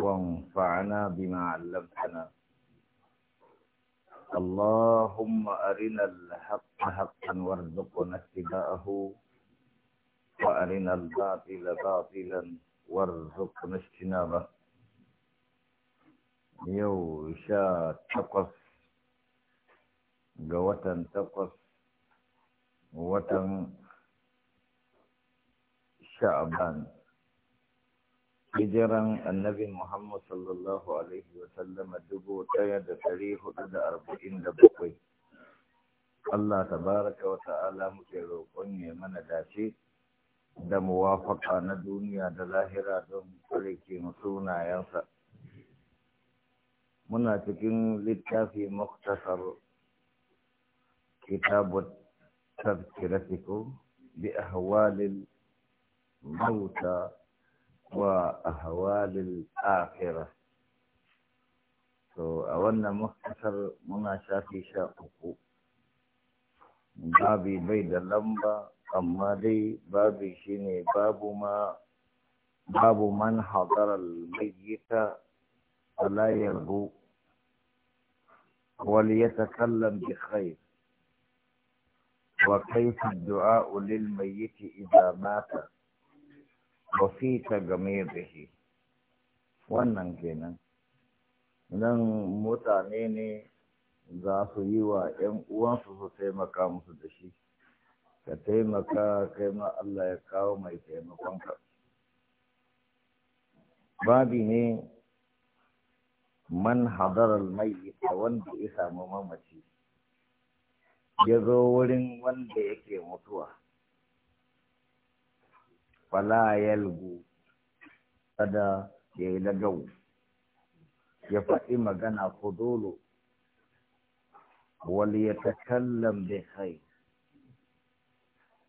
وانفعنا بما علمتنا اللهم أرنا الحق حقا وارزقنا اتباعه وأرنا الباطل باطلا وارزقنا اجتنابه يوشا تقف تقص قوة تقص وتن شعبان hijiran annabi Muhammad sallallahu Alaihi wasallama dubu ɗaya da ɗari hudu da arba'in da bakwai. Allah tabaraka wa ta'ala muke roƙon ya mana dace da muwafaka na duniya da lahira don tsarki sunayensa. Muna cikin littafi muktasar kitabu tafkiratiku bi ahwalil mauta وأهوال الآخرة أولنا مختصر منا شافي شاقو بابي بيد اللمبة أما لي بابي شيني باب ما باب من حضر الميت فلا يرجو وليتكلم بخير وكيف الدعاء للميت إذا مات wasita game da shi wannan kenan nan mutane ne za su yi wa 'yan uwansu su taimaka musu da shi ka taimaka kai ma Allah ya kawo mai taimakon ka babi ne man hadarar mai wanda ya samu mamaci ya zo wurin wanda yake mutuwa fala yalgu kada ya yi lagau ya faɗi magana ko dolo wal ya takallam bi khair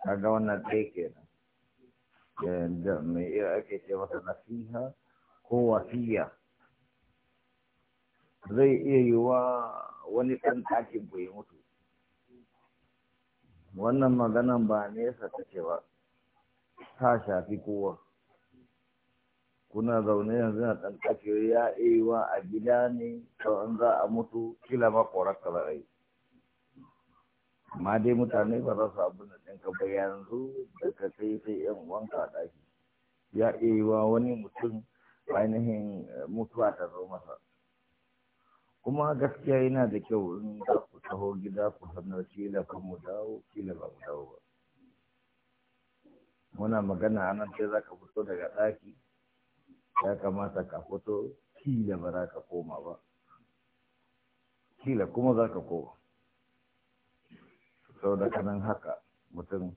kaga wannan ɗaya da mai iya ake ce masa nasiha ko wasiya zai iya yi wa wani ɗan ɗakin bai mutu wannan maganan ba nesa ta ce ba ta shafi kowa kuna zaune yanzu na ɗan kashe ya ewa a gida ne an a mutu kila ma korar ka zarai amma dai mutane ba za su abin da ɗinka ba yanzu da ka sai sai yan wanka a ɗaki ya ewa wani mutum ainihin mutuwa ta zo masa kuma gaskiya yana da kyau in za ku taho gida ku sanar kila kan mu dawo kila ba mu dawo ba muna magana a nan sai za ka fito daga ɗaki ya kamata ka fito kila ba za ka koma ba kila kuma za ka koma sau da kanan haka mutum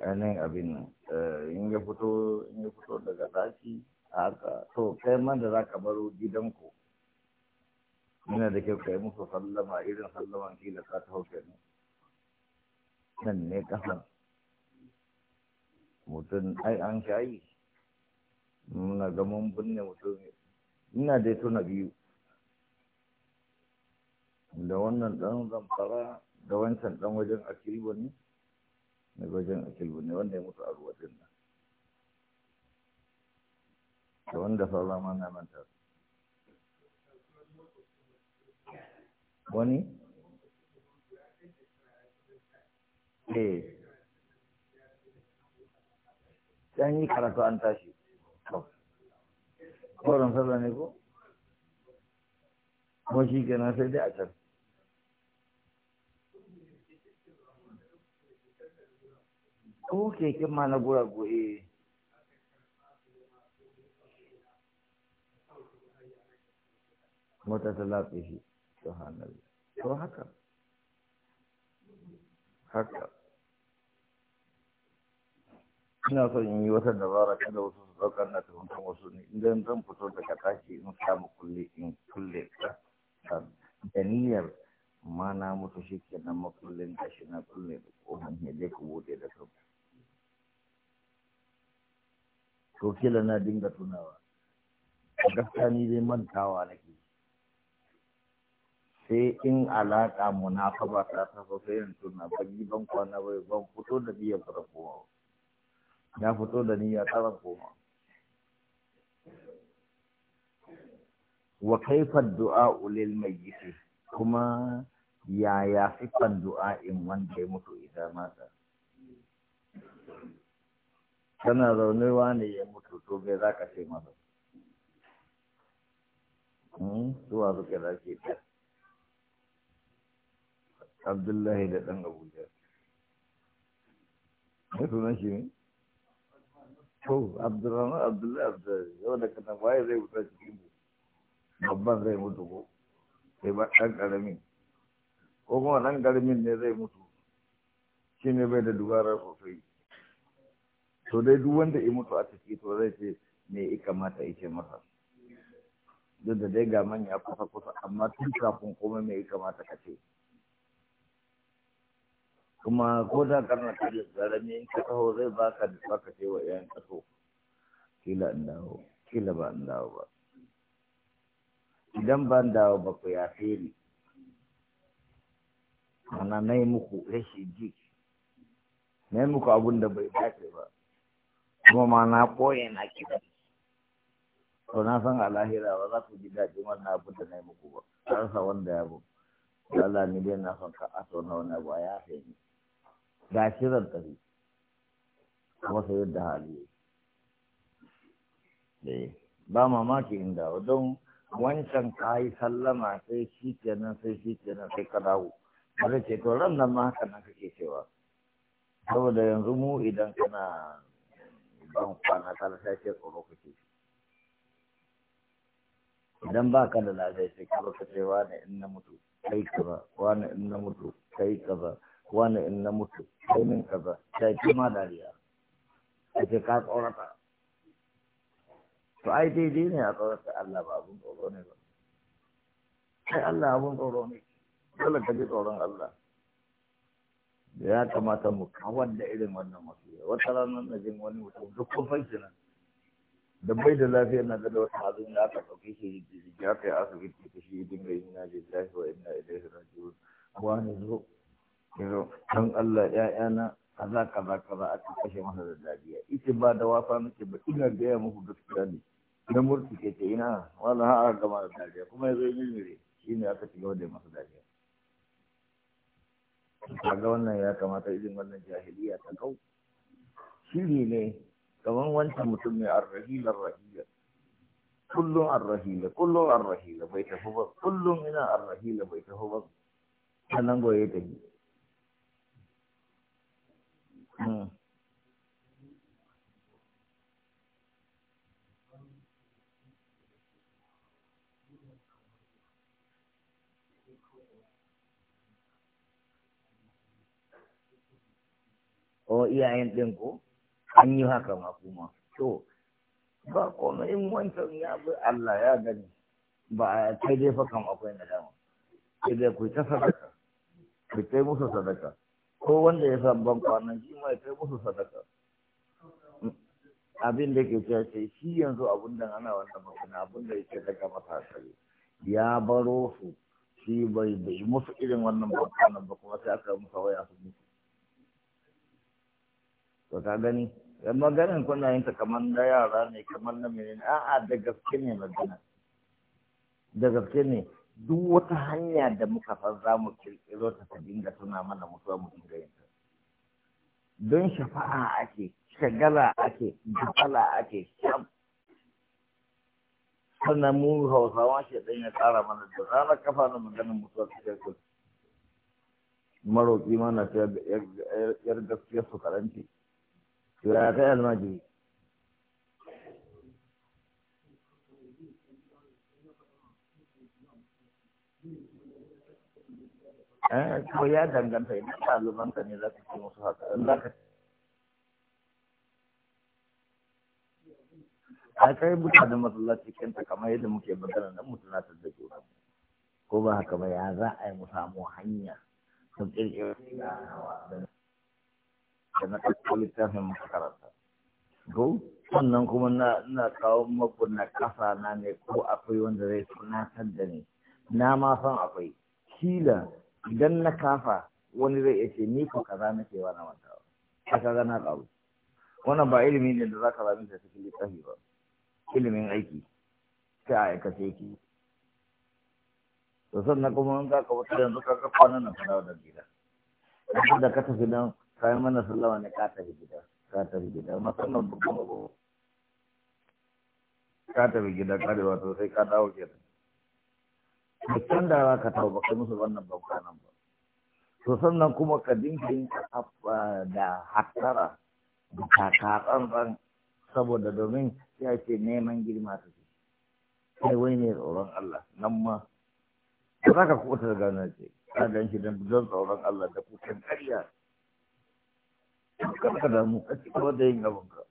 ainihin abin nan eh, in ya fito in ya fito daga ɗaki haka to kai man da za ka baro gidanku yana da kyau ka yi musu sallama irin sallaman kila ka ta hau kenan nan ne kasan mutum ai an shayi muna ga mun binne mutum ina dai tuna biyu da wannan dan zamfara da wancan dan wajen akilbu ne na wajen akilbu ne wanda ya mutu a ruwa din nan da wanda sauran ma na manta wani eh dan yi karatu an tashi koron sallah ne ko ko shi ke sai dai a can ko keken ma na gura goye eh. mota ta lafe shi to haka haka ina son in yi wata dabara kada wasu su ɗaukar na tuhumtar wasu ne idan zan fito daga ɗaki in samu kulle in kulle da niyyar ma na mutu shi ke nan makullin shi na kulle da ƙofan ya je ku bude da su to kila na dinga tunawa gaskiya ni dai mantawa nake sai in alaƙa munafaba ta taso sai in tuna ban yi ban kwana bai ban fito da biyan farko ya fito da niyya tsaron koma wa kaifa du'a ulil mayyit kuma yaya du'a in wanda ya mutu idan mata kana zaunewa ne ya mutu to bai za ka ce masa hmm? zuwa suka dace ta abdullahi da ɗan abuja ya sunan shi ne to abdurrahman abdullahi abdullahi yau da kana waye zai wuta cikin mu babban zai mutu ko sai ba ɗan ƙaramin ko kuma ɗan ƙaramin ne zai mutu shi ne bai da dubara sosai to dai duk wanda ya mutu a ciki to zai ce me ya kamata ya ce masa duk da dai ga manya kusa kusa amma tun kafin kuma me ya kamata ka ce kuma ko da karna ta da zarami in ka taho zai baka da baka ce wa yan kaso kila in kila ba in dawo ba idan ban dawo ba ku ya ni ana nai muku rashin ji nai muku abun da bai dace ba kuma ma na koye na kira to na san a lahira ba za ku ji daɗin wannan abun da nai muku ba rasa wanda ya bu Allah ni dai na son ka aso na wani abu a yafe ni ga shi zan kuma sai yadda hali ne eh, ba mamaki inda don wancan ka yi sallama sai shi kenan sai shi kenan sai ka dawo ba ce to ran nan ma haka nan kake cewa saboda yanzu mu idan kana ban kwana ta sai ce tsoro kake idan ba ka da lafiya sai ka baka cewa ne in na mutu kai kaza wani in na mutu kai kaza wani in na mutu sai min kaza sai kuma dariya a ce ka tsorata to ai daidai ne a tsorata Allah ba abun tsoro ne ba sai Allah abun tsoro ne dole ka ji tsoron Allah ya kamata mu kawar da irin wannan masoya wata ranar na jin wani mutum duk kun fanki nan da bai da lafiyar na da wata abin da aka ɗauke shi ya kai asibiti ta shi dinga yi na lillahi wa inna ilaihi raji'un wani zo yanzu don Allah ‘ya'yana kaza kaza kaza aka kashe masa da dadiya ita ba da wafa nake ba ina gaya muku gaskiya ne na murti ke ce ina wala ha aka gama da dadiya kuma ya zo yi mirmire shi ne aka gaba da masa dariya kaga wannan ya kamata izin wannan jahiliya ta kau shiri ne kamar wancan mutum ne arrahilar rahila kullum arrahila kullum arrahila bai tafi ba kullum ina arrahila bai tafi ba sannan goye tafi Hmm. o iyayen ɗin ko an yi haka ma kuma to ba kome in wancan ya bi Allah ya gani ba a kai dai fa kan akwai nadama sai dai ku ta sadaka ku ta musu sadaka ko wanda ya sa kwanan shi mai kai musu sadaka abin da ke cewa ce shi yanzu abin da ana wanda magana abin da yake daga masa ya baro su shi bai bai musu irin wannan bakwanan ba kuma sai aka musa waya su musu to ka gani yan maganin kuna yin ta kamar na yara ne kamar na menene a'a da gaske ne magana da gaske ne duk wata hanya da muka san za mu kirkiro ta ta dinga tuna mana mutuwa mu dinga yin ta don shafa'a ake shagala ake gafala ake shaf sannan mu hausawa shi ɗan ya tsara mana da rana kafa na maganin mutuwa su kirkiro maroƙi mana ta yar gaskiyar su karanci ya yi almajiri Eh, ko ya danganta idan ɗalibanta ne za ka ce musu haka in za ka a kai mutane masallaci kanta kamar yadda muke magana nan mutum na da juna ko ba haka ba ya za a yi mu samu hanya sun ƙirƙiro da na littafin makaranta ko sannan kuma na kawo maku na ƙasa na ne ko akwai wanda zai tunatar da ni na ma san akwai kila idan na kafa wani zai iya ce ni ko kaza na cewa na mantawa a kaza na ƙaru wannan ba ilimi ne da za ka zami ta cikin ƙafi ba ilimin aiki sai a aikace ki to na kuma in za ka wata yanzu ka kafa nan na fara da gida yanzu da ka tafi nan kayan mana sallama ne ka tafi gida ka tafi gida musamman babban abu ka tafi gida ka da wata sai ka dawo kenan mutum da za ka tauba kai musu wannan bauta nan ba to sannan kuma ka dinka yin da hattara da kakatsantsan saboda domin ya ce neman girma ta ce kai wai ne tsoron Allah nan ma ba za ka kuɓuta da gane ce ka gan shi don tsoron Allah da kusan ƙarya kar ka damu ci cikin da yin abin ka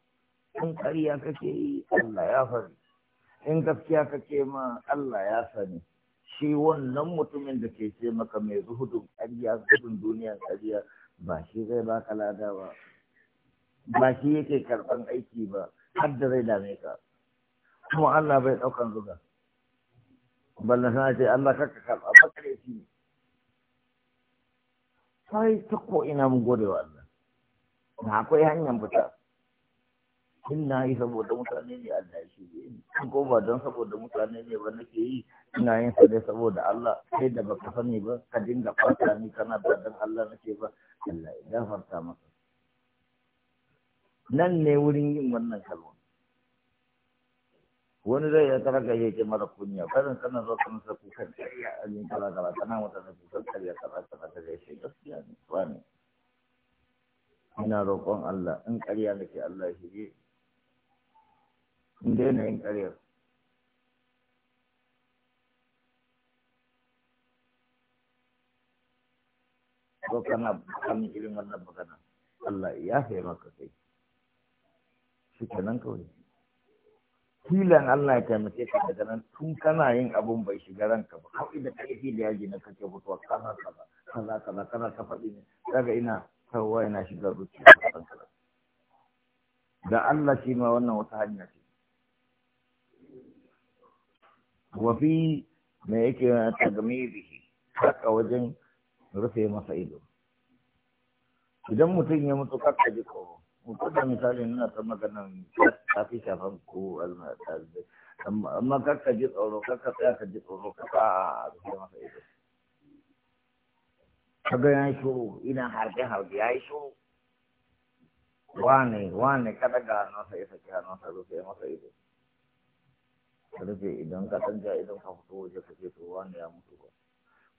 in ƙarya kake yi Allah ya sani in gaskiya kake ma Allah ya sani shi wannan mutumin da ke ce maka mai zuhudun ƙarya zuhudun duniyar ƙarya ba shi zai ba ka lada ba ba shi yake karɓan aiki ba har da zai dame ka kuma Allah bai ɗaukan zuga ballan sana ce Allah kaka karɓa bakare shi ne sai ta ko ina mu gode wa Allah na akwai hanyar fita ina yi saboda mutane ne Allah shi in ko ba don saboda mutane ne ba nake yi ina yin sa ne saboda Allah sai da baka sani ba ka dinga fata ni kana da dan Allah nake ba Allah ya gafarta maka nan ne wurin yin wannan kalma wani zai ya tara ga yake mara kunya karin kana zo kan sa kukan kariya a yin kala kala kana wata da kukan kariya kala kala ta zai shi gaskiya ne ina roƙon Allah in ƙarya nake Allah shi in daina yin ƙaryar ko kana kan irin wannan magana Allah ya fi maka kai shi kenan kawai filan Allah ya taimake ka daga nan tun kana yin abun bai shiga ranka ba kawai da kai da yaji na kake fitowa kana kaza kaza kaza kana ka faɗi ne daga ina kawai yana shiga zuciya da Allah shi ma wannan wata hanya ce wafi me yake bihi, haka wajen rufe masa ido idan mutum ya mutu kakka ji ko mutum da misali nuna ta magana ta fi shafan ko amma kakka ji tsoro kakka tsaya ka ji tsoro ka a rufe masa ido kaga ya yi shuru ina harbe harbe ya yi shuru wane wane kada ga hannunsa ya saki hannunsa rufe masa ido Ka rufe idan ka tsanta idan ka fito waje ka ce to wani ya mutu ba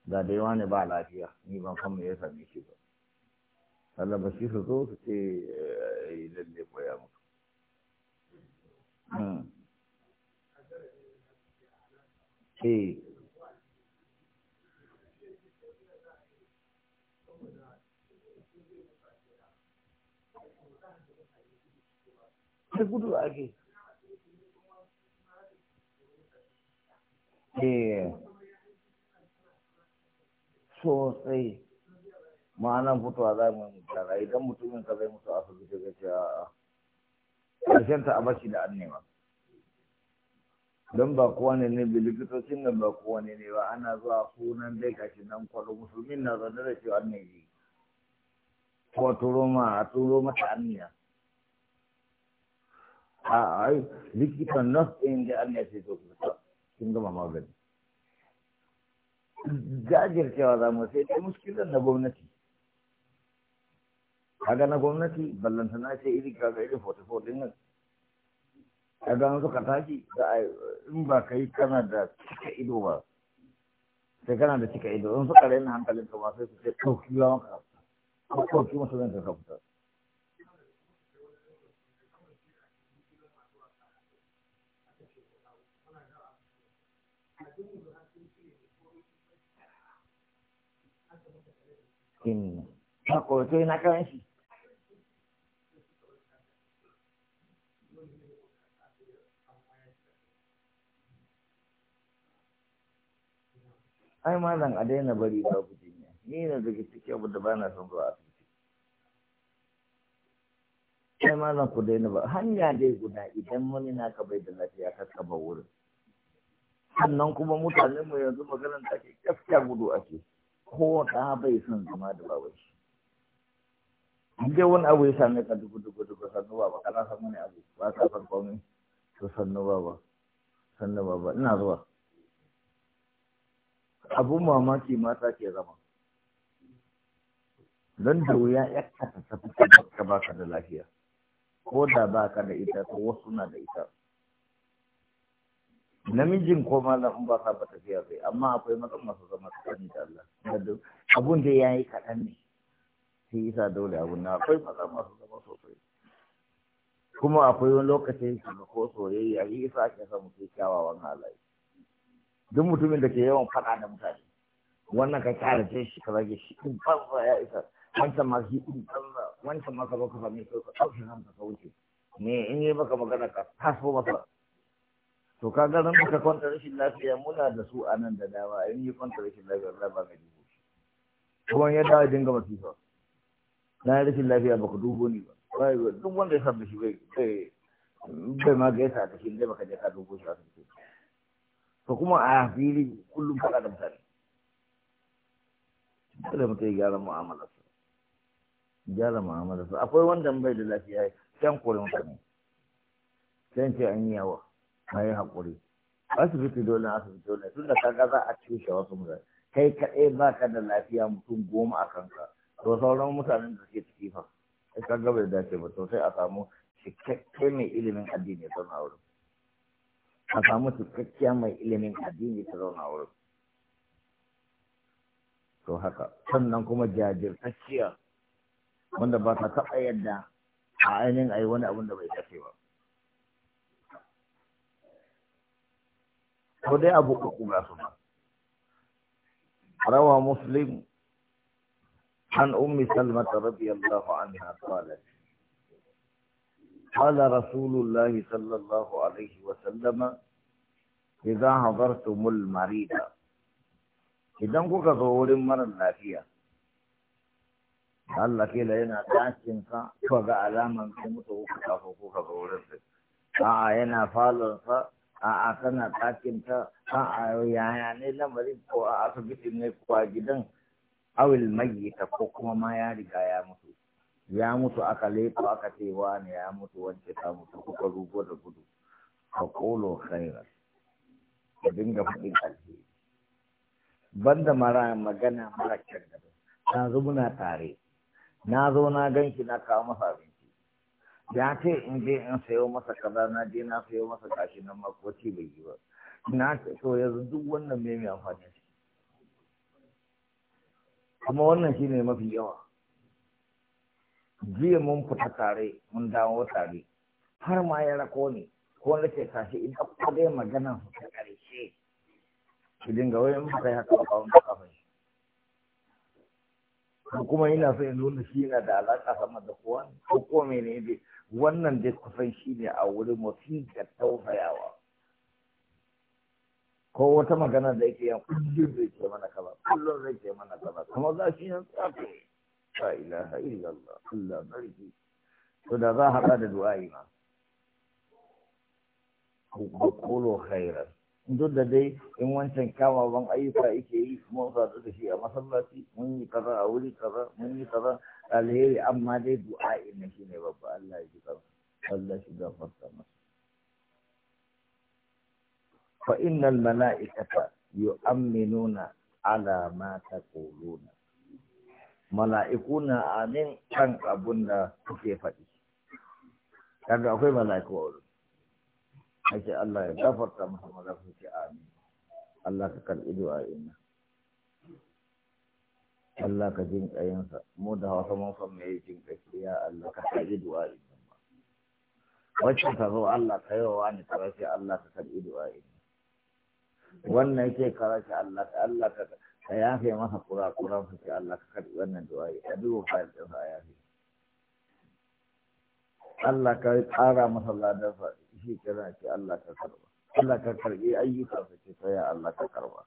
ga dai wani ba lafiya ni ban san me ya same shi ba Allah ba shi su zo su ce ne eh, eh, ko ya mutu sai hmm. eh. gudu ake Eh. sosai ma'anan fitowa za mu yi tara idan mutumin ka zai mutu a asibiti ga ce a ƙarshen ta a bashi da annema don ba kowa ne ne likitocin nan ba kowa ne ne ba ana zuwa sunan dai gashi nan kwallo musulmin na zaune da cewa annabi ko a turo ma a turo mata anniya a ai likitan nas ɗin da anniya sai zo ku fita kin gama magani jajircewa za mu sai dai muskilan na gwamnati kaga na gwamnati ballanta na ce iri kaga iri 44 din nan kaga an suka tashi za a in ba ka yi kana da cika ido ba sai kana da cika ido in suka raina hankalin ka ba sai su ce kauki ba maka ko kauki masu zanta ka fita in na koto na kan ai malam a daina bari ku jinya ni na daga cikin abu da ba na son zuwa asibiti ai malam ku daina ba hanya dai guda idan wani naka bai da lafiya ka kaba wurin sannan kuma mutanen mu yanzu maganar take gaskiya gudu ake ko ɗa bai son zama da baban in dai wani abu ya same ka dubu dubu dubu sannu baba kana san wani abu ba ka san komai to sannu baba sannu baba ina zuwa abun mamaki mata ke zama don da wuya ya kasa tafi ka baka da lafiya ko da baka da ita ko wasu na da ita namijin ko malam ba sa ba tafiya bai amma akwai matsan masu zama tsakani da Allah abun da ya yi kaɗan ne sai isa dole abun na akwai matsan masu zama sosai kuma akwai wani lokacin shiga ko soyayya yi isa ake samu sai kyawawan halaye duk mutumin da ke yawan faɗa da mutane wannan ka ce shi ka zage shi in banza ya isa wancan ma shi in banza wancan ma ka baka sami sai ka ɗauki nan ka wuce ne in yi maka magana ka taso masa to ka ganin ran ka kwanta rashin lafiya muna da su a nan da dama in yi kwanta rashin lafiya za ba ka dubo shi kuma ya dawo dinga masifa na rashin lafiya ba ku dubo ni ba duk wanda ya samu shi bai bai ma ga yasa ta shi ne baka je ka dubo shi a ce. to kuma a fili kullum faɗa da mutane kada mutum ya gyara mu'amala. gyara mu'amalarsa akwai wanda bai da lafiya can kore mutane can ce an yi yawa ka yi haƙuri asibiti dole asibiti dole tun da kaga za a cushe wasu mutane kai kaɗai ba ka da lafiya mutum goma a kanka to sauran mutanen da suke ciki fa sai ka gaba da dace ba to sai a samu cikakke mai ilimin addini ya zauna wurin a samu cikakkiya mai ilimin addini ta zauna wurin to haka sannan kuma jajirtacciya wanda ba ta taɓa yadda a ainihin a yi wani abin da bai tafi ba ko dai abu uku ga su rawa muslim عن أم سلمة رضي الله عنها قالت قال رسول الله صلى الله عليه وسلم إذا حضرتم المريض إذا كوكا ظهور مرة Allah ke da yana tashin ka to ga alaman kai mutu kuka ko a'a yana falon a'a kana ɗakin ta a'a yaya ne lamarin ko a asibitin ne ko a gidan awil ta? ko kuma ma ya riga ya mutu ya mutu aka lefa aka ce ne ya mutu wance ta mutu kuka da gudu ka kolo khairar da dinga faɗin alheri banda mara magana mara kyan yanzu muna tare na zo na ganshi na kawo masa abin ya ce in je in sayo masa kaza na je na sayo masa kashi nan makoci bai yi ba na ce to yanzu duk wannan me mai amfani shi kuma wannan shine mafi yawa jiya mun fita tare mun dawo tare har ma ya rako ne ko na ce kashi in ka dai magana ta karshe ki dinga wai in ba kai haka ba shi. ko kuma ina so in nuna shi yana da alaƙa sama da kowa ko ko mene ne wannan dai kusan shi ne a wurin musiƙar tausayawa ko wata magana da yake yan kullum zai ce mana kaza kullum zai ce mana kaza kuma za shi yan tsafi la ilaha illallah Allah barki to da za a haɗa da du'a ma ku kolo khairan duk da dai in wancan kyawawan ayyuka yake yi mun sadu da shi a masallaci mun yi kaza a wuri kaza mun yi kaza alheri amma dai ina shi ne babba Allah ya ji kaza Allah shi gafarta masa fa innal mala'ikata yu'minuna ala ma taquluna mala'ikuna amin kan abun da kuke faɗi kaga akwai mala'iku a wurin ake Allah ya gafarta masa maza su ce amin Allah ka karɓi du'a ina Allah ka jin ƙayansa mu da hausa mun san me jin ƙashi ya Allah ka karɓi du'a ina wacce ta zo Allah ka yi wa wani karashi Allah ka karɓi du'a ina wannan yake karashi Allah ka Allah ka ka yafe masa kura-kuran su ce Allah ka karɓi wannan du'a a duba fayil ɗinsa a yafe Allah ka ƙara masa ladarsa shi kaza ce Allah ka karba Allah ka karbi ayyuka ka ce sai ya ka karba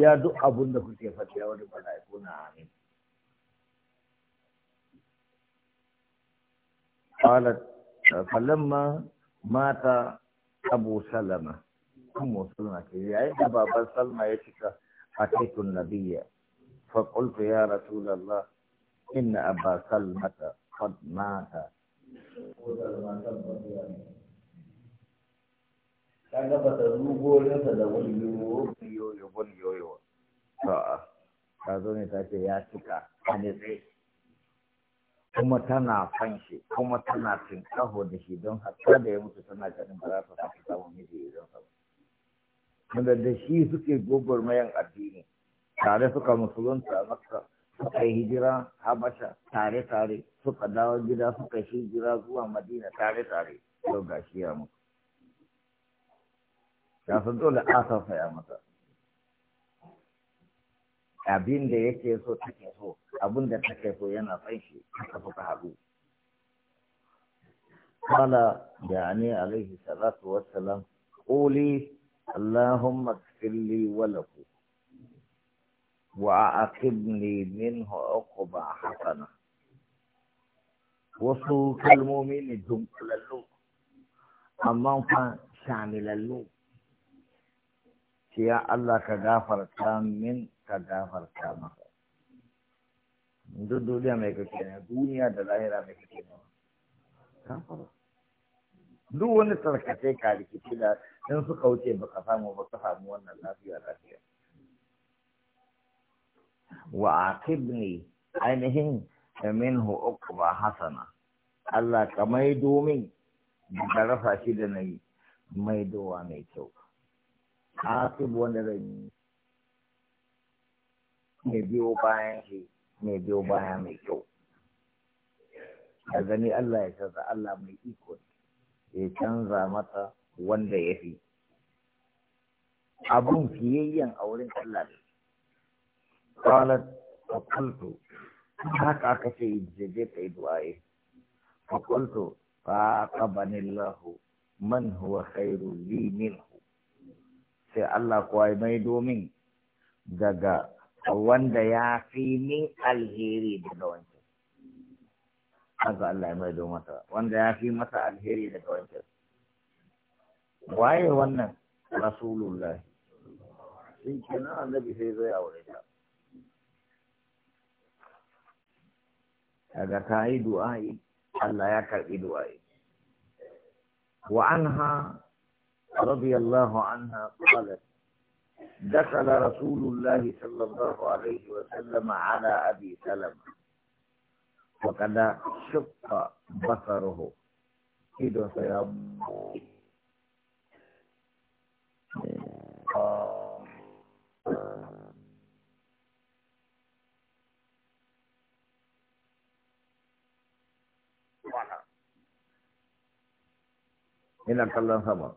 ya duk abun da kuke fata ya wani bala'i ko na amin qalat falamma mata abu salama kuma sunna ke yayi da baban salma ya cika atiku nabiyya fa qultu ya rasulullah inna abba salmata qad mata ko da matan ba ta rugo nasa da wani yoyo wani yoyo a'a ta zo ne ta ce ya cika a nitse kuma tana fan kuma tana tinkaho da shi don hatta da ya mutu tana ganin ba za ta sake samun miji idan sa ba da shi suke gogor mayan addini tare suka musulunta makka suka yi hijira habasha tare-tare suka dawo gida suka yi hijira zuwa madina tare-tare yau ga shi ya mutu ya san dole ya masa abin da yake so take so abin da take so yana san shi haka suka haɗu قال يعني عليه الصلاة والسلام قولي اللهم اغفر wa وله Wa وأعقبني منه عقبا حسنة wasu kalmomi ne dunkulallu amma fa shamilallu ya Allah ka gafarta min ka gafarta maka duk duniya mai kake ne duniya da lahira mai kake ne duk wani tarkace ka rikici da in suka wuce baka samu baka samu wannan lafiya lafiya wa aqibni ainihin minhu uqba hasana Allah ka maido min da rafa shi da nayi maidowa mai kyau aqib wanda zan yi mai biyo bayan shi mai biyo baya mai kyau A gani Allah ya canza Allah mai iko ya canza mata wanda ya fi abun fiyayyen a wurin Allah ne قالت فقلت haka aka ce je ka yi du'a'i fakultu fa qabani Allah man huwa khairu li minhu sai Allah kuwa mai domin daga wanda ya fi min alheri daga wancan haka Allah mai do masa wanda ya fi masa alheri daga wancan waye wannan rasulullah annabi sai zai aure ta kaga ta yi du'a'i Allah ya karbi du'a'i wa anha radiyallahu anha qalat دخل رسول الله صلى الله عليه وسلم على أبي سلمة وقد شق بصره إذا سيبقى ina kallon sama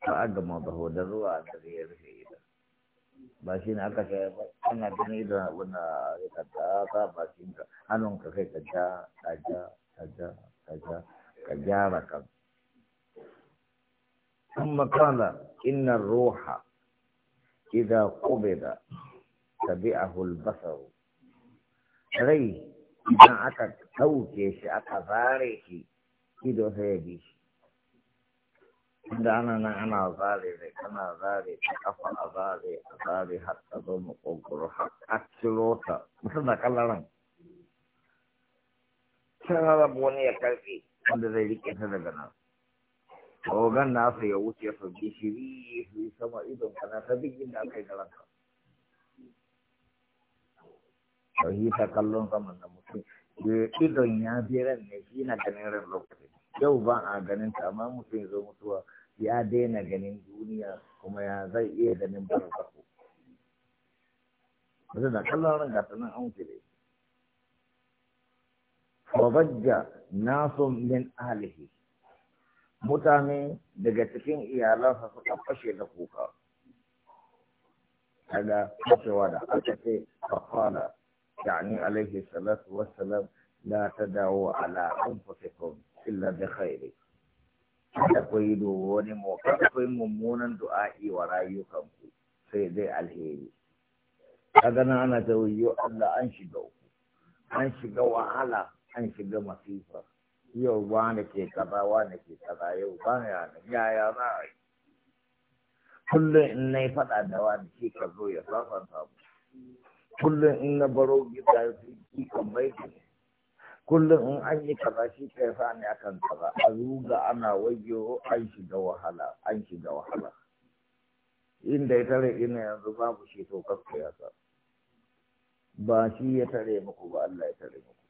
ba a gama ba hodar ruwa da zai ya rufe idan ba shi ne aka kai ba ana gani idan abin da ya kata ka ba shi ka hannun ka kai ka ja ka ja ka ja ka ja ka gyara kan ثم قال إن الروح إذا قبض تبعه البصر rai idan aka ɗauke shi aka zare shi ido sai ya bi da inda ana nan ana zare da kana zare ta kafa a zare a zare har ta zo makogoro har a ciro ta mutum da kallaran sai rabu wani ya karfe wanda zai rike ta daga nan ogan nasu ya wuce su bi shi su yi sama idon kana ta duk inda aka yi garanka sauyi ta kallon zaman da mutum eh, idon ya biyar ne shi na ganin rin lokacin yau ba a ganin ta amma mutum ya zo mutuwa ya daina ganin duniya kuma ya zai iya ganin barzakhu wanda da kallon gasa nan an wuce da ita fabajja nasun min ahlihi mutane daga cikin iyalansa suka fashe da kuka kaga fashewa da aka ce fafala yani alaihi salatu wassalam la dawo ala anfusikum illa bi khairi kada ku wani mu Akwai ku yi mummunan du'a'i wa rayukanku sai dai alheri kaga na ana ta wuyo Allah an shiga ku an shiga wahala an shiga masifa yau ba ne ke kaza wa ne ke kaza yau ba na ya yaya za a yi kullum in na yi faɗa da wani ke ka zo ya sasanta mu kullum in na baro gida shi ka mai kullum in an yi kaza shi ka yasa ne akan kaza a zuga ana wayo an shiga wahala an shiga wahala inda ya tare ina yanzu babu shi to kafa ya sa ba shi ya tare muku ba Allah ya tare muku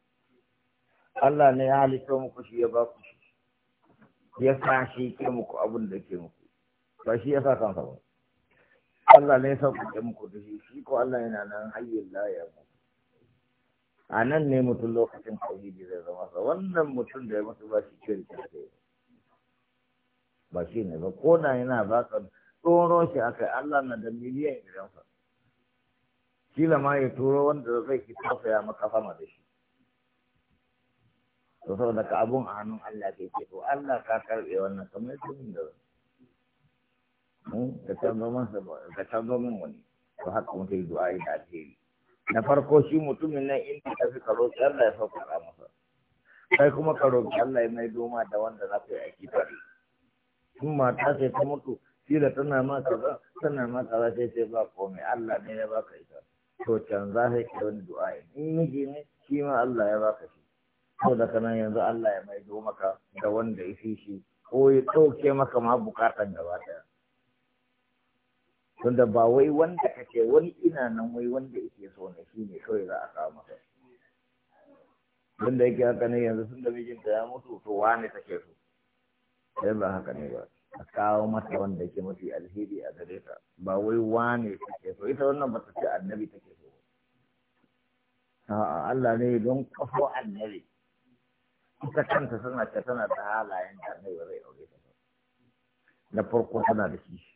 Allah ne ya halitta muku shi ya ba ku shi ya sa shi ke muku abin da ke muku ba shi ya sa kansa ba Allah ne ya sa ku ke muku da shi shi ko Allah yana nan hayyin la ya muku a nan ne mutum lokacin tauhidi zai zama sa wannan mutum da ya mutu ba shi ciwon kirki ba shi ne ba ko da yana ba ka tsoro shi akai Allah na da miliyan idan sa kila ma ya turo wanda zai ki tausaya maka fama da shi to saboda ka abun a hannun Allah ke ce to Allah ka karbe wannan kamar mun da hmm? ka tambo masa ka tambo min wani to haka mutum du'a da alheri na farko shi mutumin nan inda ka fi karo Allah ya sauƙaƙa masa kai kuma karo roƙi Allah ya mai doma da wanda za ka yi aiki ba. in mata sai ta mutu kila tana ma kaza tana ma kaza sai sai ba komai Allah ne ya baka ita to can za ka yi wani du'a in miji ne shi ma Allah ya baka shi to da kana yanzu Allah ya mai doma ka da wanda ya fi shi ko ya ɗauke maka ma bukatan gaba ɗaya tunda ba wai wanda kake wani ina nan wai wanda yake so ne shi ne kawai za a kawo masa wanda yake haka ne yanzu sun da mijinta ya mutu to wane take so sai ba haka ne ba a kawo mata wanda yake mafi alheri a gare ta ba wai wane take so ita wannan ba ta ce annabi take so a'a Allah ne don kafo annabi ita kanta tana ce tana da halayen da annabi zai aure ta na farko tana da kishi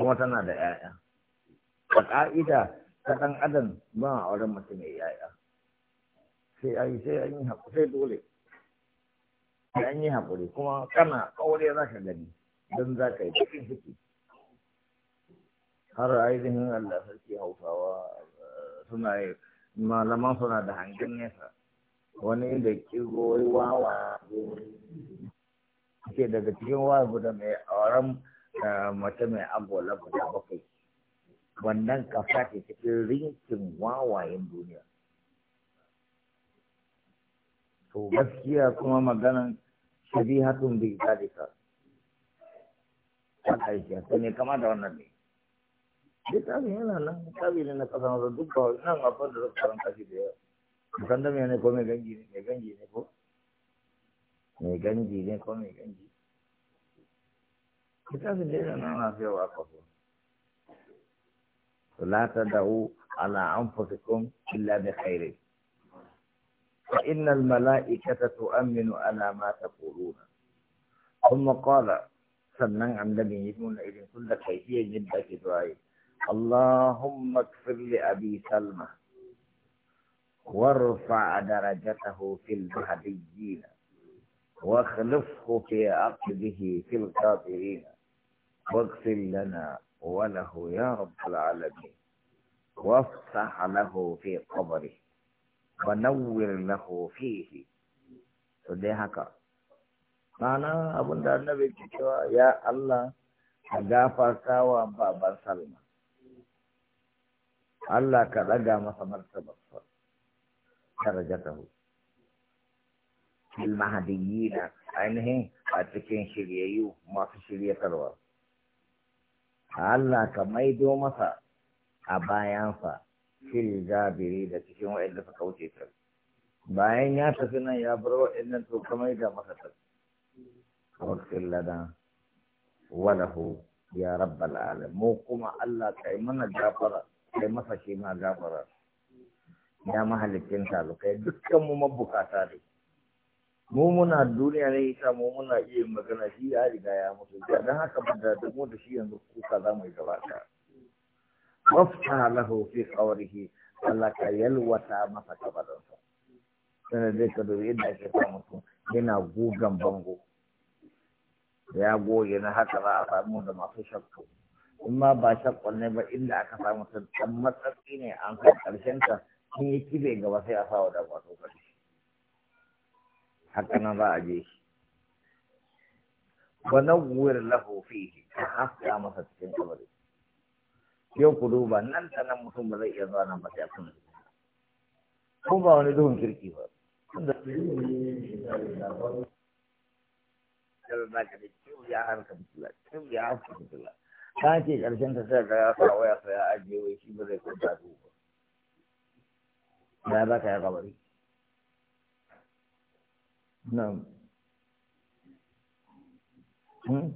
kuma tana da 'ya'ya a ƙa'ida ta ɗan adam ba a auren mace mai 'ya'ya sai an sai an yi haƙuri sai dole sai an yi haƙuri kuma kana aure za ka gani don za ka yi cikin ciki har ainihin Allah sarki hausawa eh, suna yi malaman suna da hangen nesa wani da kirgo wawa ke daga cikin wawa da mai auren mace mai labu da bakwai wannan kasa ke cikin rinkin wawayen duniya to gaskiya kuma maganan shabihatun bi zalika wata aiki to ne kama da wannan ne littafin yana nan tabi ne na kasa masa duk ba nan abin da zaka karanta kashi da yawa musan da ne ko mai gangi ne mai gangi ne ko mai gangi ne ko mai gangi كتاب kita sendiri في nafsi wakafun. Allah تدعوا على انفسكم الا بخير فإن الملائكة تؤمن على ما تقولون ثم قال سنن عن من يبون إذن كل كيفية جدا كدعي اللهم اكفر لأبي سلمة وارفع درجته في المهديين واخلفه في عقبه في القابلين واغفر لنا وله يا رب العالمين وافتح له في قبره ونور له فيه سدي هكا معنى ابو دار النبي يا الله غفر سوا بابا سلمى الله ما مصبر سبصر كرجته المهديين عنه أتكين شريعيو ما في شريعة الوارد Allah ka maido masa a bayansa fil jabiri da cikin da suka wuce ta bayan ya tafi nan ya bar wa'annan to ka maida masa ta wakil walahu ya rabbal alamin mu kuma Allah kai mana gafara kai masa shi ma gafara ya mahalicin talukai dukkan mu mabukata ne mu muna duniya ne ita mu muna iya magana shi ya riga ya mutu don haka ba da mu da shi yanzu kuka za mu yi gaba ka wafta lahu fi qawrihi Allah ka yalwata masa kabarinsa sai dai ka yadda ake sa mutu yana gugan bango ya goge na haka za a samu da masu shakku in ma ba shakkon ne ba inda aka samu sun dan matsatsi ne an kai karshen ta Sun yi kibe gaba sai a sa wa da wato karshe haka nan za a je shi wa nawwir lahu fihi ka haska masa cikin kabari yau ku duba nan ta nan mutum ba zai iya zuwa nan ba sai kun ko ba wani duhun kirki ba da za ka da kyau ya harka fitila kyau ya harka fitila ta ce karshen ta sai ka ya sa waya sai ya ajiye wai shi ba zai kwanta su ba ya za ka ya kabari na'am hmm?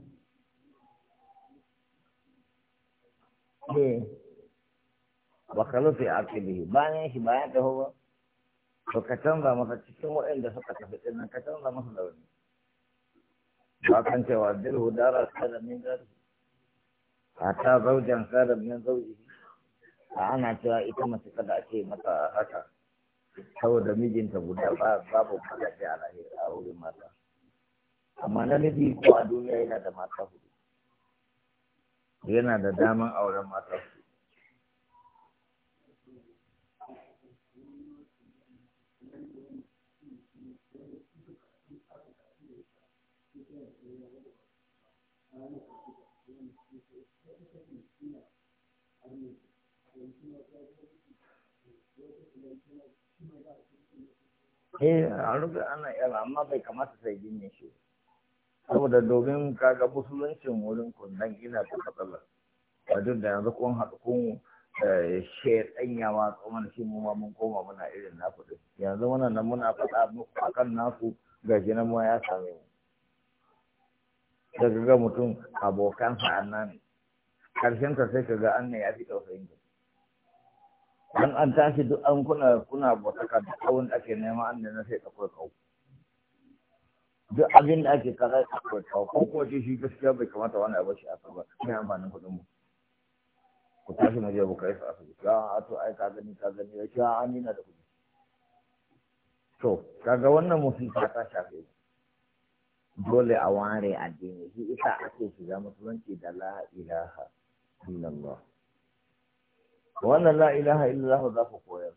eh wa khalufi ba bayan shi bayan taho ba to ka canza masa cikin waɗanda suka tafi din nan ka canza masa da wani ba kan cewa dil hudara kada min gari hatta zaujan kada min zauji ana cewa ita masu kada ake mata haka saboda mijinta guda babu kalashi a lahira a wurin mata amma na nufi ko a duniya yana da mata hudu yana da daman auren mata hudu eh a rufe ana yara amma bai kamata sai binne shi saboda domin kaga musuluncin wurin kundan ina da matsala a duk da yanzu kun haɗu kun eh, shaidan ya watsa mana shi mu ma mun koma muna irin na kuɗi yanzu muna nan muna faɗa muku akan naku ga shi nan ma ya same mu daga ga mutum abokansa annan karshen ka sai ka ga an ne ya fi tausayin dan an tashi duk an kuna kuna botaka duk abin da ake nema an da na sai akwai kau duk abin da ake kaza akwai kau ko ko shi gaskiya bai kamata wani abu shi aka ba mai amfanin kudin mu ku tashi mu je ku kai su ga a to ai ka gani ka gani ya ce an nina da kuɗi to kaga wannan musifa ta shafe dole a ware addini shi isa ake shiga musulunci da la ilaha illallah wannan la ilaha illallah za ku koyar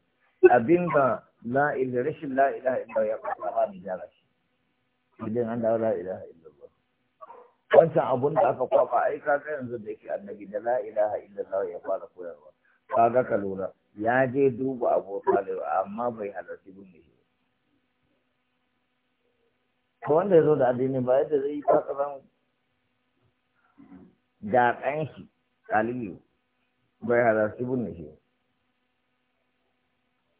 abin ba la ilaha rashin la ilaha illallah ya kusa ba ni jara shi idan an dawo la ilaha illallah wancan abun da aka kwafa ai ga yanzu da yake annabi da la ilaha illallah ya fara koyarwa kaga ka lura ya je duba abu talib amma bai halarci bin da shi ko wanda ya zo da addini ba yadda zai yi ta da ɗan shi ɗalibi bai halarci binne shi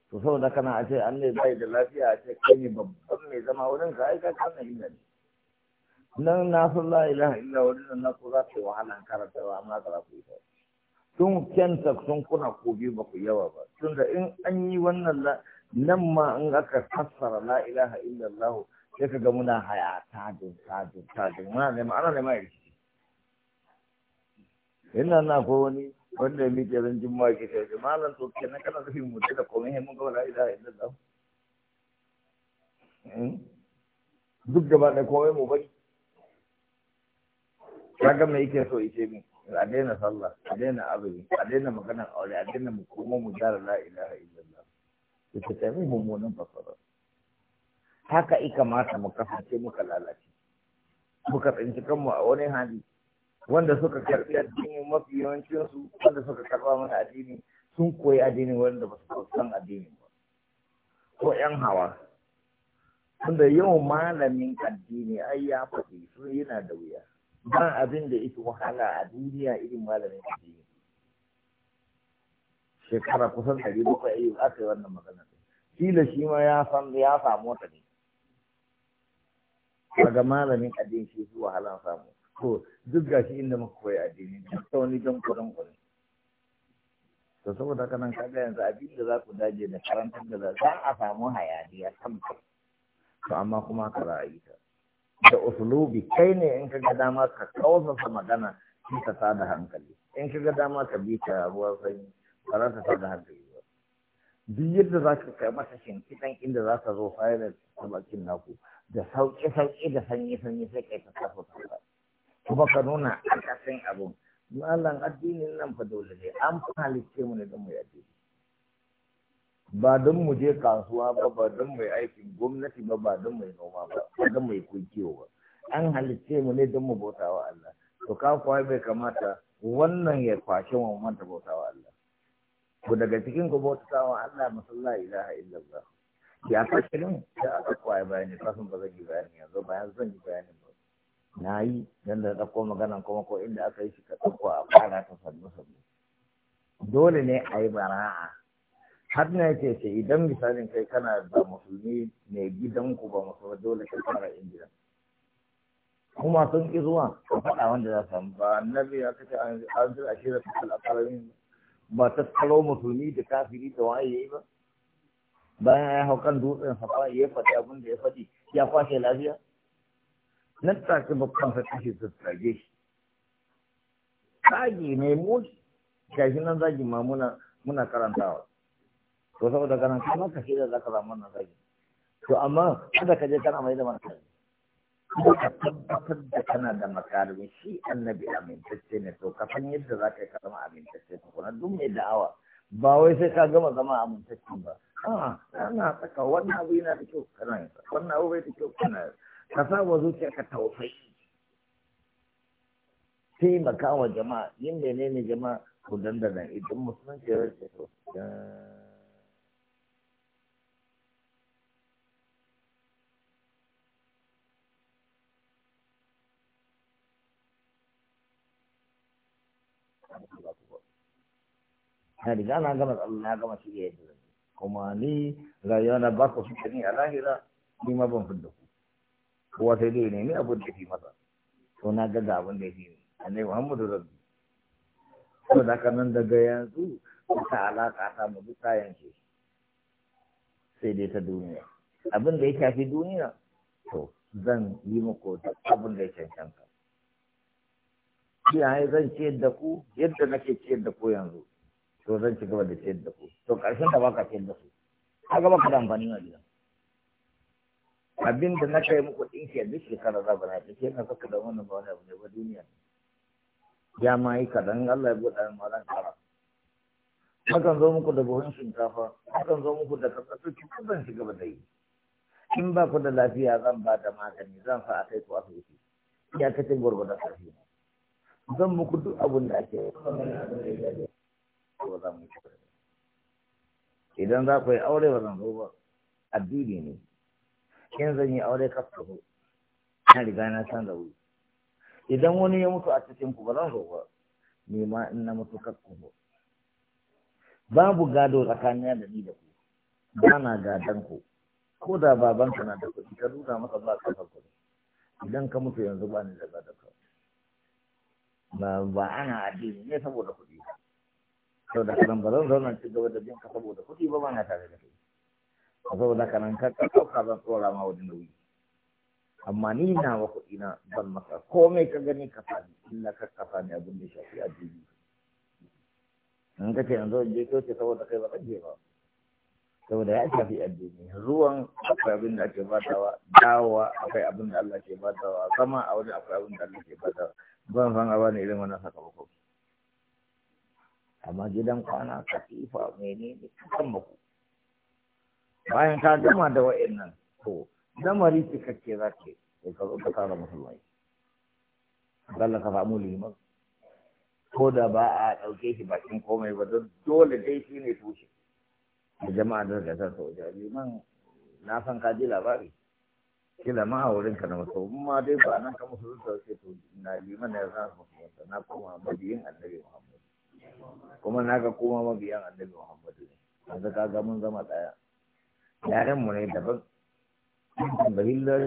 to da kana a ce an ne bai da lafiya a ce kai ne babban mai zama wurin ka aika na inda ne nan na san la ilaha illa nan na ku za ta wahala karanta ba amma za ku yi ta tun kenta sun kuna ko biyu ba ku yawa ba tun da in an yi wannan nan ma in aka fassara la ilaha illallah sai ka ga muna haya tajin tajin tajin muna neman ana neman yarki ina na ko wani wanda ya miƙe zan jin ma ke kai malam to kenan kana nufin mutu da komai mun ga la ilaha illallah hmm? duk gaba da komai mu bari kaga me yake so yace min a daina sallah a daina azumi a daina magana aure a daina mu koma mu jara la ilaha illallah to ta tafi mummunan fasara haka ika mata mu kasance muka lalace muka tsinci kanmu a wani hali wanda suka karɓi addini mafi yawancinsu wanda suka karɓa mana addini sun koyi addini wanda ba su san addini ba ko yan hawa tunda yau malamin addini ai ya faɗi su yana da wuya ba abin da yake wahala a duniya irin malamin addini shekara kusan ɗari bakwai ayi aka yi wannan magana kila shi ma ya san ya samu wata ne daga malamin addini shi su wahalan samu ko duk gashi inda muka koyi addini duk ta wani don kuɗin kuɗi to saboda haka nan kaga yanzu abin da za ku daje da karantar da za a samu hayaniya kan to amma kuma ka ra'ayi ta da usulubi kai ne in ka ga dama ka kausasa magana shi ka da hankali in ka ga dama ka bi ta ruwan sanyi ba za ta da hankali ba duk yadda za ka kai masa shimfiɗan inda za ka zo fayar da bakin naku da sauƙi-sauƙi da sanyi-sanyi sai kai ka kafa sauƙi kuma ka nuna akasin abun malam addinin nan fa dole ne an halicce mu ne don mu yi ba don mu je kasuwa ba ba don mu aikin gwamnati ba ba don mu noma ba ba don mu kiwo ba an halicce mu ne don mu bauta wa Allah to ka kuwa bai kamata wannan ya kwashe mu manta bauta wa Allah ku daga cikin ku bauta wa Allah masallaci ilaha illallah ya ne Ya aka kwaya bayani kasan ba zan yi bayani yanzu bayan zan yi bayani ba na yi don da ɗauko magana kuma ko inda aka yi shi ka ɗauko a fara ta sannu sannu dole ne a yi bara'a har na ce ce idan misalin kai kana da musulmi ne gidanku ba musulmi dole ka fara in gidan kuma sun ki zuwa ka faɗa wanda za samu ba a ya kace an a ashirar ta ba ta tsaro musulmi da kafiri da waye ba bayan ya hau kan dutsen safa ya faɗi abin da ya faɗi ya kwashe lafiya nan take babban sa kashe su tsage shi tsage ne mu gashi nan zagi ma muna muna karantawa to saboda kana kuma kashe da zaka zama nan zagi to amma kada ka je kana mai da Kuma ka tabbatar da kana da makarimi shi annabi amintacce ne to ka san yadda za ka yi ka zama amintacce ko na duk mai da'awa ba wai sai ka gama zama amintacce ba a'a ana tsaka wannan abu yana da kyau kana yin wannan abu bai da kyau kana yin ka sa wa zuciyarka tausayi taimaka wa jama'a yin menene jama'a ku dandana idan musulunci ya rage to na riga na gama na gama shi ya yi kuma ni rayuwa na ba ku su ni a lahira ni ma ban da ku kowa sai dai nemi abin da fi masa to na ga abin da fi ne annai muhammadu rabbi to da ka nan daga yanzu wata alaƙa ta mu duk ta yanke sai dai ta duniya abin da ya shafi duniya to zan yi muku abin da ya cancanta iyaye zan ciyar da ku yadda nake ciyar da ku yanzu to zan ci gaba da ciyar da ku to ƙarshen da baka ciyar da su ka gaba ka da amfani a gidan abin da na kai muku ɗinki a duk shekara za bana na ta ke na saka da wannan ba wani abu ne ba duniya ya ma yi kaɗan Allah ya buɗa ma ran kara makan zo muku da buhun shinkafa makan zo muku da kasasu ki zan shiga ba dai in ba ku da lafiya zan ba da magani zan sa a kai ku asibiti ya kace gurgurda sarfi zan muku duk abin da ake yi idan za ku yi aure ba zan zo ba addini ne in zan yi aure ka zo na riga na san da wuri idan wani ya mutu a cikin ku ba zan zo ba ni ma in na mutu ka zo babu gado tsakaniya da ni da ku ba na gadon ku ko da babanka na da kuɗi ka nuna masa ba ka kuɗi idan ka mutu yanzu ba ni da gadon ka ba ba ana addini ne saboda kuɗi sau da ba zan zauna ci gaba da bin ka saboda kuɗi ba ba na tare da kai saboda ka kanan ka ɗauka zan tsora ma wani nauyi amma ni na wa kuɗi na ban maka komai ka gani ka sani illa ka ka sani abin da shafi addini in ka ce na zo je ce saboda kai ba je ba saboda ya shafi addini ruwan akwai abin da ake batawa dawowa akwai abin da Allah ke batawa sama a wani akwai abin da Allah ke batawa ban san a bani irin wannan sakamako amma gidan kwana katifa menene kan maku bayan ka gama da wa'annan to lamari cikakke za ke da ka zo ka fara musulmai Allah ka samu liman ko da ba a ɗauke shi bakin komai ba don dole dai shi ne tushe da jama'a da ga san soja liman na san ka ji labari kila ma a wurinka na musu ma dai ba nan ka musu zuwa sauke to na liman da za su musu na koma mabiyin annabi muhammad kuma na ga koma mabiyan annabi muhammadu ne yanzu ka ga mun zama ɗaya yaren mu ne daban bahillar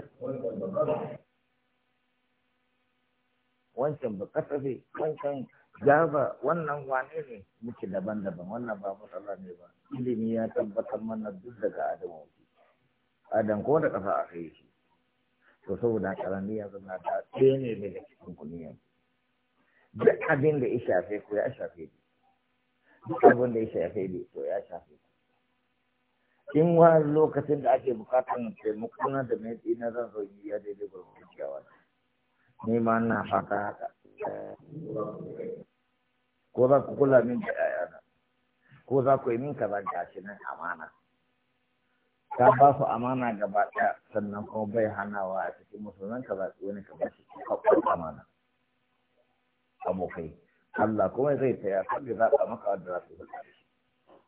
wancan ba kasafe wancan java wannan wane ne muke daban-daban wannan ba matsala ne ba ilimi ya tabbatar mana duk daga adamu adam ko da kafa a kai shi to saboda karani yanzu na ta ɗaya ne daga cikin kuniyan duk abin da ya shafe ko ya shafe duk abin da ya shafe ne to ya shafe ku in wa lokacin da ake bukatan taimako na da mai tsina zan so yi ya daidai gurgurin kyawa ni ma na fata haka ko za ku kula min da yayana ko za ku yi min zan gashi nan amana ka ba su amana gaba ɗaya sannan kuma bai hanawa a cikin musulman ka ba su wani ka bashi shi kakkwar amana abokai Allah kuma zai taya kan da za ka maka wadda za su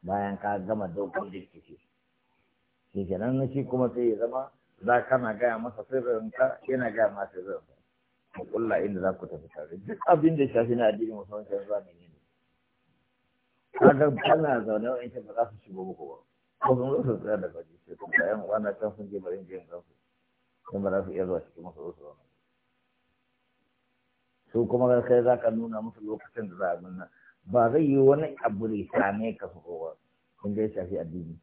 bayan ka gama dogon rikici shi kenan shi kuma sai ya zama za kana gaya masa sirrinka yana gaya masa sirrinka mu kulla inda za ku tafi tare duk abin da shafi na addini musulunci za mu yi ne kaga kana zaune a ta ba za su shigo muku ba ko sun zo su tsaya da baki. sai kun kayan wana can sun je bari in je in gansu ba za su iya zuwa cikin musu su zauna su kuma kai za ka nuna musu lokacin da za a nuna ba zai yi wani abu da ya same ka su kowa in shafi addini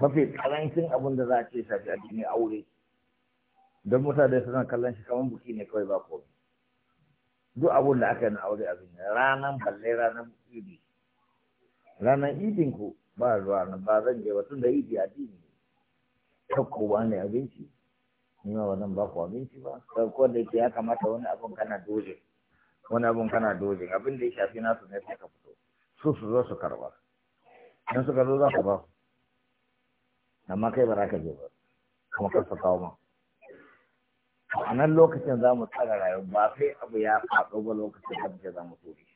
mafi karancin abin da za a ce shafi a jini aure don mutane suna kallon shi kamar buki ne kawai ba komai duk abin da aka yi na aure a jini, ranar balle ranar idi ranar idin ku ba nan, ba zan je tun da idi jini ne kakko ba ne abinci ni ma ba zan ba ku abinci ba ko da ke ya kamata wani abin kana doje wani abin kana doje abin da ya shafi nasu ne suka fito su su zo su karba in suka zo za ku ba su amma kai ba za ka je ba kuma kar su kawo ma a nan lokacin za mu tsara rayuwa ba sai abu ya faɗo ba lokacin da muke za mu tori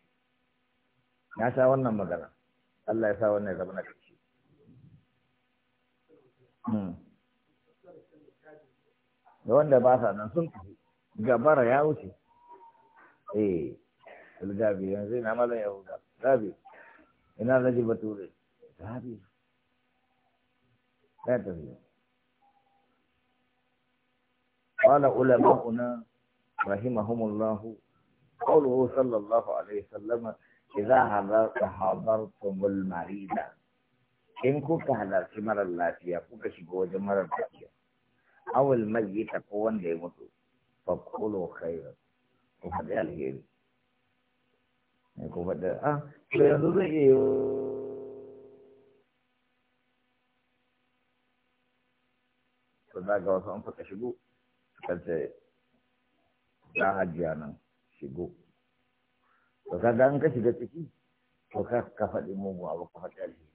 na sha wannan magana Allah ya sa wannan zama na ƙarshe hmm. da wanda ba sa nan sun tafi gabara ya wuce eh gabi yanzu na malam yahuda gabi ina laji bature gabi ya tafi qala ulama'una rahimahumullahu qawluhu sallallahu alaihi wasallam idza hadarta hadartumul marida in kuka halarci marar lafiya kuka shiga wajen marar lafiya awal mayyita ko wanda ya mutu fa qulu khairan ku faɗi alheri ne ku faɗi ah to yanzu zai iya za ga wasu an suka shigo suka ce za hajiya nan shigo to ka ga an ka shiga ciki to ka ka faɗi mugu abu ka faɗi alheri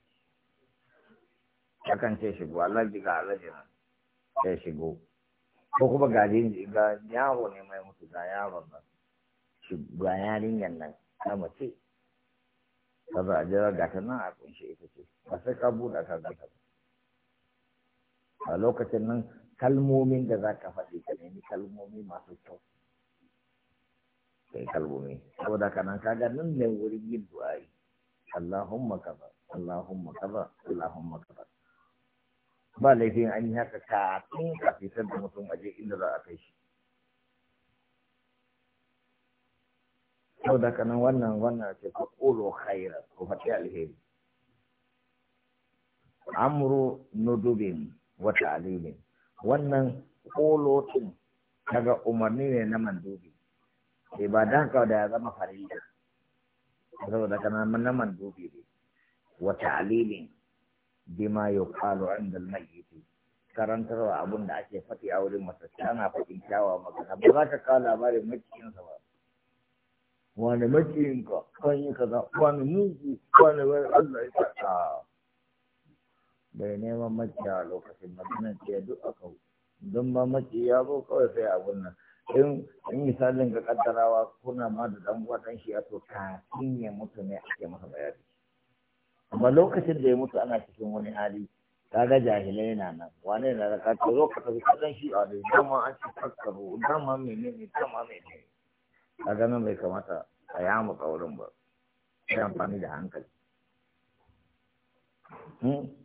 kan ce shigo Allah ji ga Allah nan ce shigo ko kuma ga ga yaro ne mai mutu ga yaron nan ga yarinyar nan na mace ka za a jira ga ta nan a kunshi ita ce ba sai ka buɗa ka ga ta a lokacin nan kalmomin da za ka faɗi ka nemi kalmomi masu kyau kai kalmomi saboda ka nan kaga nan ne wurin yin du'a'i Allahumma kaza Allahumma kaza Allahumma kaza ba laifin an yi haka kafin a fitar da mutum aje inda za a kai shi saboda ka nan wannan wannan ce ka ƙoro khaira ko faɗi alheri amru nudubin wata alimin wannan kolotin daga umarni ne na mandubi sai eh, ba dan ka da ya zama farilla saboda kana na mandubi ne wa ta'lilin bima yuqalu 'inda al-mayyit karantarwa abun da ake faɗi a wurin matacce ana faɗin kyawawa magana ba za ka kawo labarin maciyin sa ba wani maciyin ka kan yi kaza wani mugu wani wani Allah ya faɗa bai neman maciya a lokacin maganin ce duk a kawo don ba maci ya zo kawai sai a wannan, in in misalin ga kaddarawa kuna ma da dan uwa dan shi ya to kafin ya mutu ne ake masa bayani amma lokacin da ya mutu ana cikin wani hali kaga jahilai na nan wani na da kaka zo ka tafi kadan shi a da dama an ci fakkaro dama menene dama menene kaga nan bai kamata a yamu kaurin ba sai amfani da hankali hmm?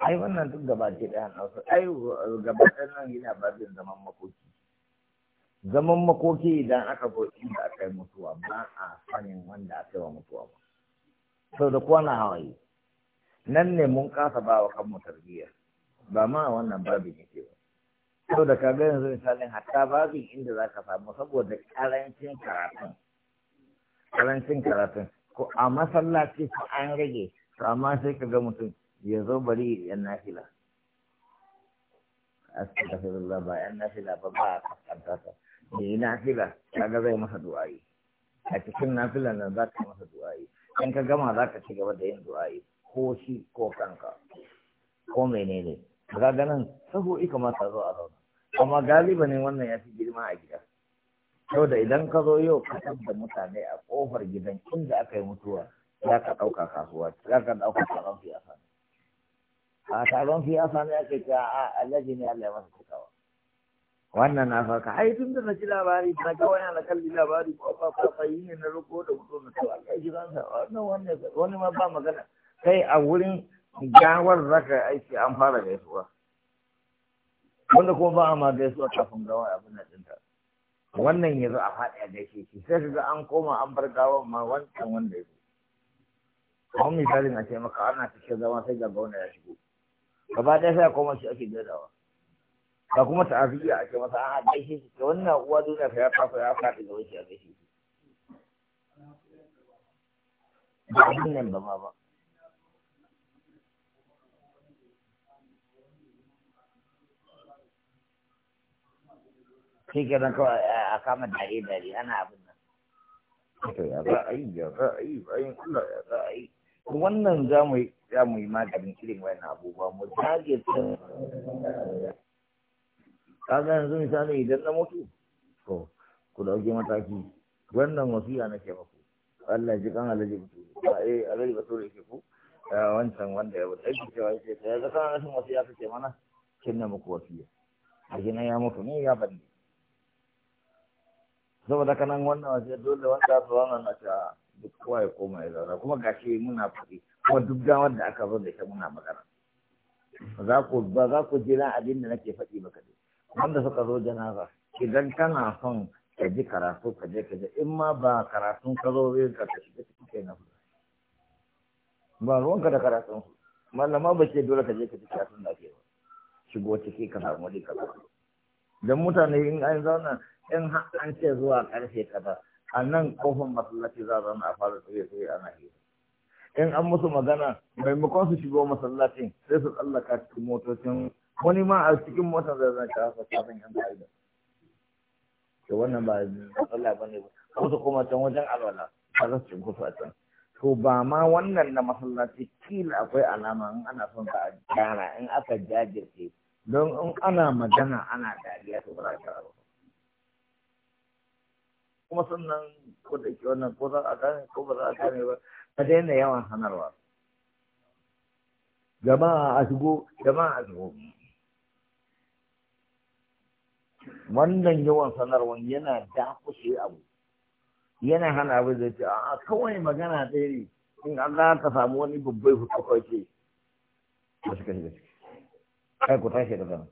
ai wannan duk gaba ce ɗaya na wasu ai gaba nan yana babin zaman makoki zaman makoki idan aka zo inda aka yi mutuwa ba a sanin wanda aka yi wa mutuwa ba sau da kuwa na hawaye nan ne mun kasa ba wa kanmu tarbiyya ba ma wannan babin yake ba sau da kaga yanzu misalin hatta babin inda za ka samu saboda karancin karatun karancin karatun ko a masallaci ko an rage to amma sai ka ga mutum ya zo bari yan nafila astaghfirullah ba yan nafila ba ba a ta ne nafila kaga zai masa du'a'i a cikin nafilan nan za ka masa du'a'i in ka gama za ka ci gaba da yin du'a'i ko shi ko kanka ko menene ka nan sahu ika ma ta zo a zauna amma galiba ne wannan ya fi girma a gida da idan ka zo yau ka da mutane a kofar gidan inda aka yi mutuwa za ka ɗauka kasuwa za ka ɗauka karamfi a sani a taron siyasa ya ke cewa a alaji ne Allah ya masa cikawa wannan na farka ai tun da na ji labari na ga wani na kalli labari ko ba ko sai ne na ruko da mutum na tawa kai ji sa wannan wannan wani ma ba magana kai a wurin gawar zaka aiki an fara gaisuwa wanda kuma ba a ma gaisuwa kafin gawa abin nan din wannan yanzu a faɗi a gaishe shi sai ga an koma an bar gawar ma wancan wanda ya zo kuma misalin a ce maka ana cikin zama sai ga gauna ya shigo gaba ɗaya sai koma shi ake gadawa ba kuma ta'aziyya ake masa a gaishe shi ta wannan uwa duniya ta ya fasa ya faɗi gaban shi a gaishe shi ba a nan ba ma ba shi kenan kawai a kama dare dare ana abin nan ya za a yi ya za a yi bayan Allah ya za a yi wannan za mu yi za mu yi maganin irin wayan abubuwa mu dage tun kaga yanzu misali idan na mutu to ku dauke mataki wannan wasiya nake muku Allah ji kan alaji mutu ba eh alaji ba tore yake ku wancan wanda ya wuce shi cewa yake sai ga kana rashin wasiya ce mana kinna muku wasiya a gina ya mutu ne ya bani saboda kanan wannan wasiya dole wanda su wannan na ta duk kowa ya koma ya zauna kuma gashi muna faɗi kuma duk da da aka zo da ita muna magana za ku ba za ku jira abin da nake faɗi ba kaɗai wanda suka zo janaza idan kana son ka ji karatu ka je ka je in ma ba karatun ka zo zai ka tafi cikin kai na ba ruwanka da karatun malama ba ce dole ka je ka ji karatun da ake ba shigo ciki ka samu wani kaza don mutane in an zauna in an ce zuwa karfe kaza a nan kofar masallaci za zama a fara tsaye tsaye ana hira in an musu magana maimakon su shigo masallacin sai su tsallaka cikin motocin wani ma a cikin motar da zan shafa sa sabon yan ka'ida to wannan ba matsala ba ne ba ko kuma can wajen alwala ba za su kusa a can to ba ma wannan na masallaci kila akwai alama in ana son ka a gyara in aka jajirce don in ana magana ana dariya to ba za ka ba kuma sannan ko da ke wannan ko za a gane ko ba za a gane ba a daina yawan sanarwa jama'a a shigo jama'a a shigo wannan yawan sanarwan yana dakushe abu yana hana abu da ce a kawai magana ɗaya ne in za ka samu wani babbai hutu kawai ce ba su kashi gaske kai ku tashi da zama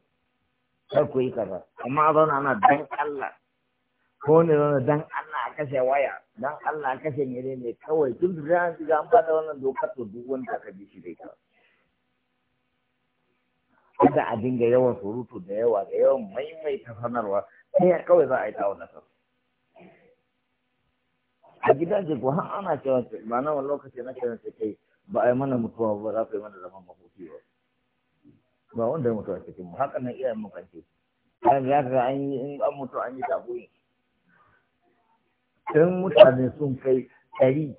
kai ku yi kaza amma a zauna ana dan Allah ko ne zana dan Allah a kashe waya dan Allah a kashe mere ne kawai tun da ran shiga an fada wannan dokar to duk wanda ka bi shi zai ka kada a dinga yawan surutu da yawa da yawan maimaita sanarwa sai kawai za a yi tawo nasar a gidan ce ko har ana cewa ce ba na wani lokaci na cewa ce kai ba a yi mana mutuwa ba za ka yi mana zaman mahuti ba ba wanda ya mutuwa cikin mu haka nan iyayen mu kan ce ya ga an yi in an mutu an yi tabuyin in mutane sun kai ɗari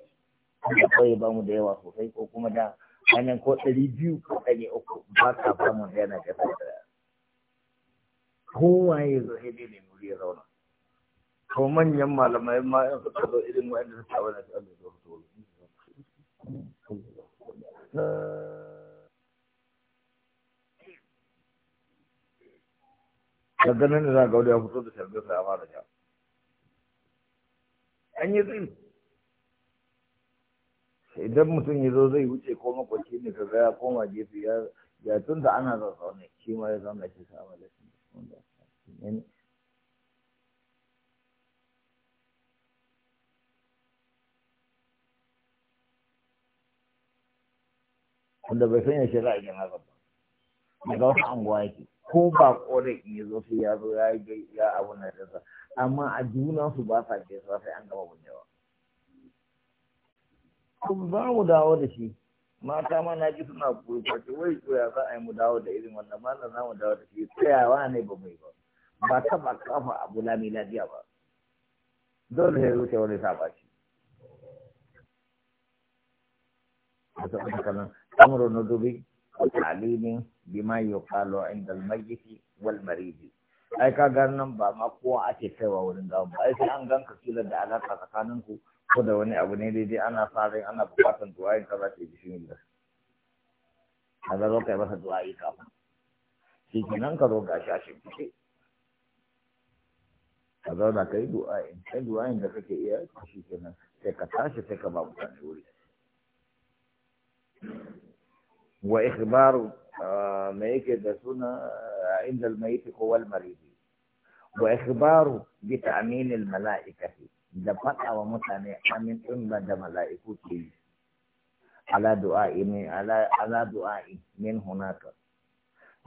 da kawai ba mu da yawa sosai ko kuma da hanyar ko ɗari biyu ko ɗari uku ba ka ba mu yana gasa da kowaye zo sai ne mu ya zauna ko manyan malamai ma in suka zo irin wa'anda suka wani su Allah zuwa su daga nan da za ga wani ya fito da shirgin sa ya fara ja an yi tsayi idan mutum ya zo zai wuce ko makwaci ne ka ya koma gefe ya ya tun da ana zazzaune shi ma ya zauna shi sa amma lafiya wanda bai sanya shi za a gina ba daga wasu anguwa yake ko ba ƙorafi ya zo sai ya zo ya yi ya abu na da, amma a juna su ba sa ke sai an gama bunnewa yawa. ba mu dawo da shi mata ma na ji suna kurkwace wai ya za a yi mu dawo da irin wannan ma za mu dawo da shi tsayawa ne ba mai ba ba ba kafa abu lami lafiya ba dole ya zuce wani saba shi a saboda kanan amuru na dubi ma yuqalu inda عند wal والمريض ai ka ga nan ba ma kowa ake kaiwa wurin gawa ba ai sai an ganka kila da alaka tsakanin ku ko da wani abu ne dai dai ana sa rai ana bukatan duwayin ka za ta bishin da a zaro kai masa duwayi kafin shi nan ka zo shi a shimfiɗe ka da ka yi in kai in da kake iya shi nan sai ka tashi sai ka ba mutane wuri wa ikhbaru me yake da suna inda almayiti ko wal maridi wa ikhbaru bi ta'min al mala'ikati da faɗawa wa mutane amin din da mala'iku ke yi ala du'a'i min ala ala min hunaka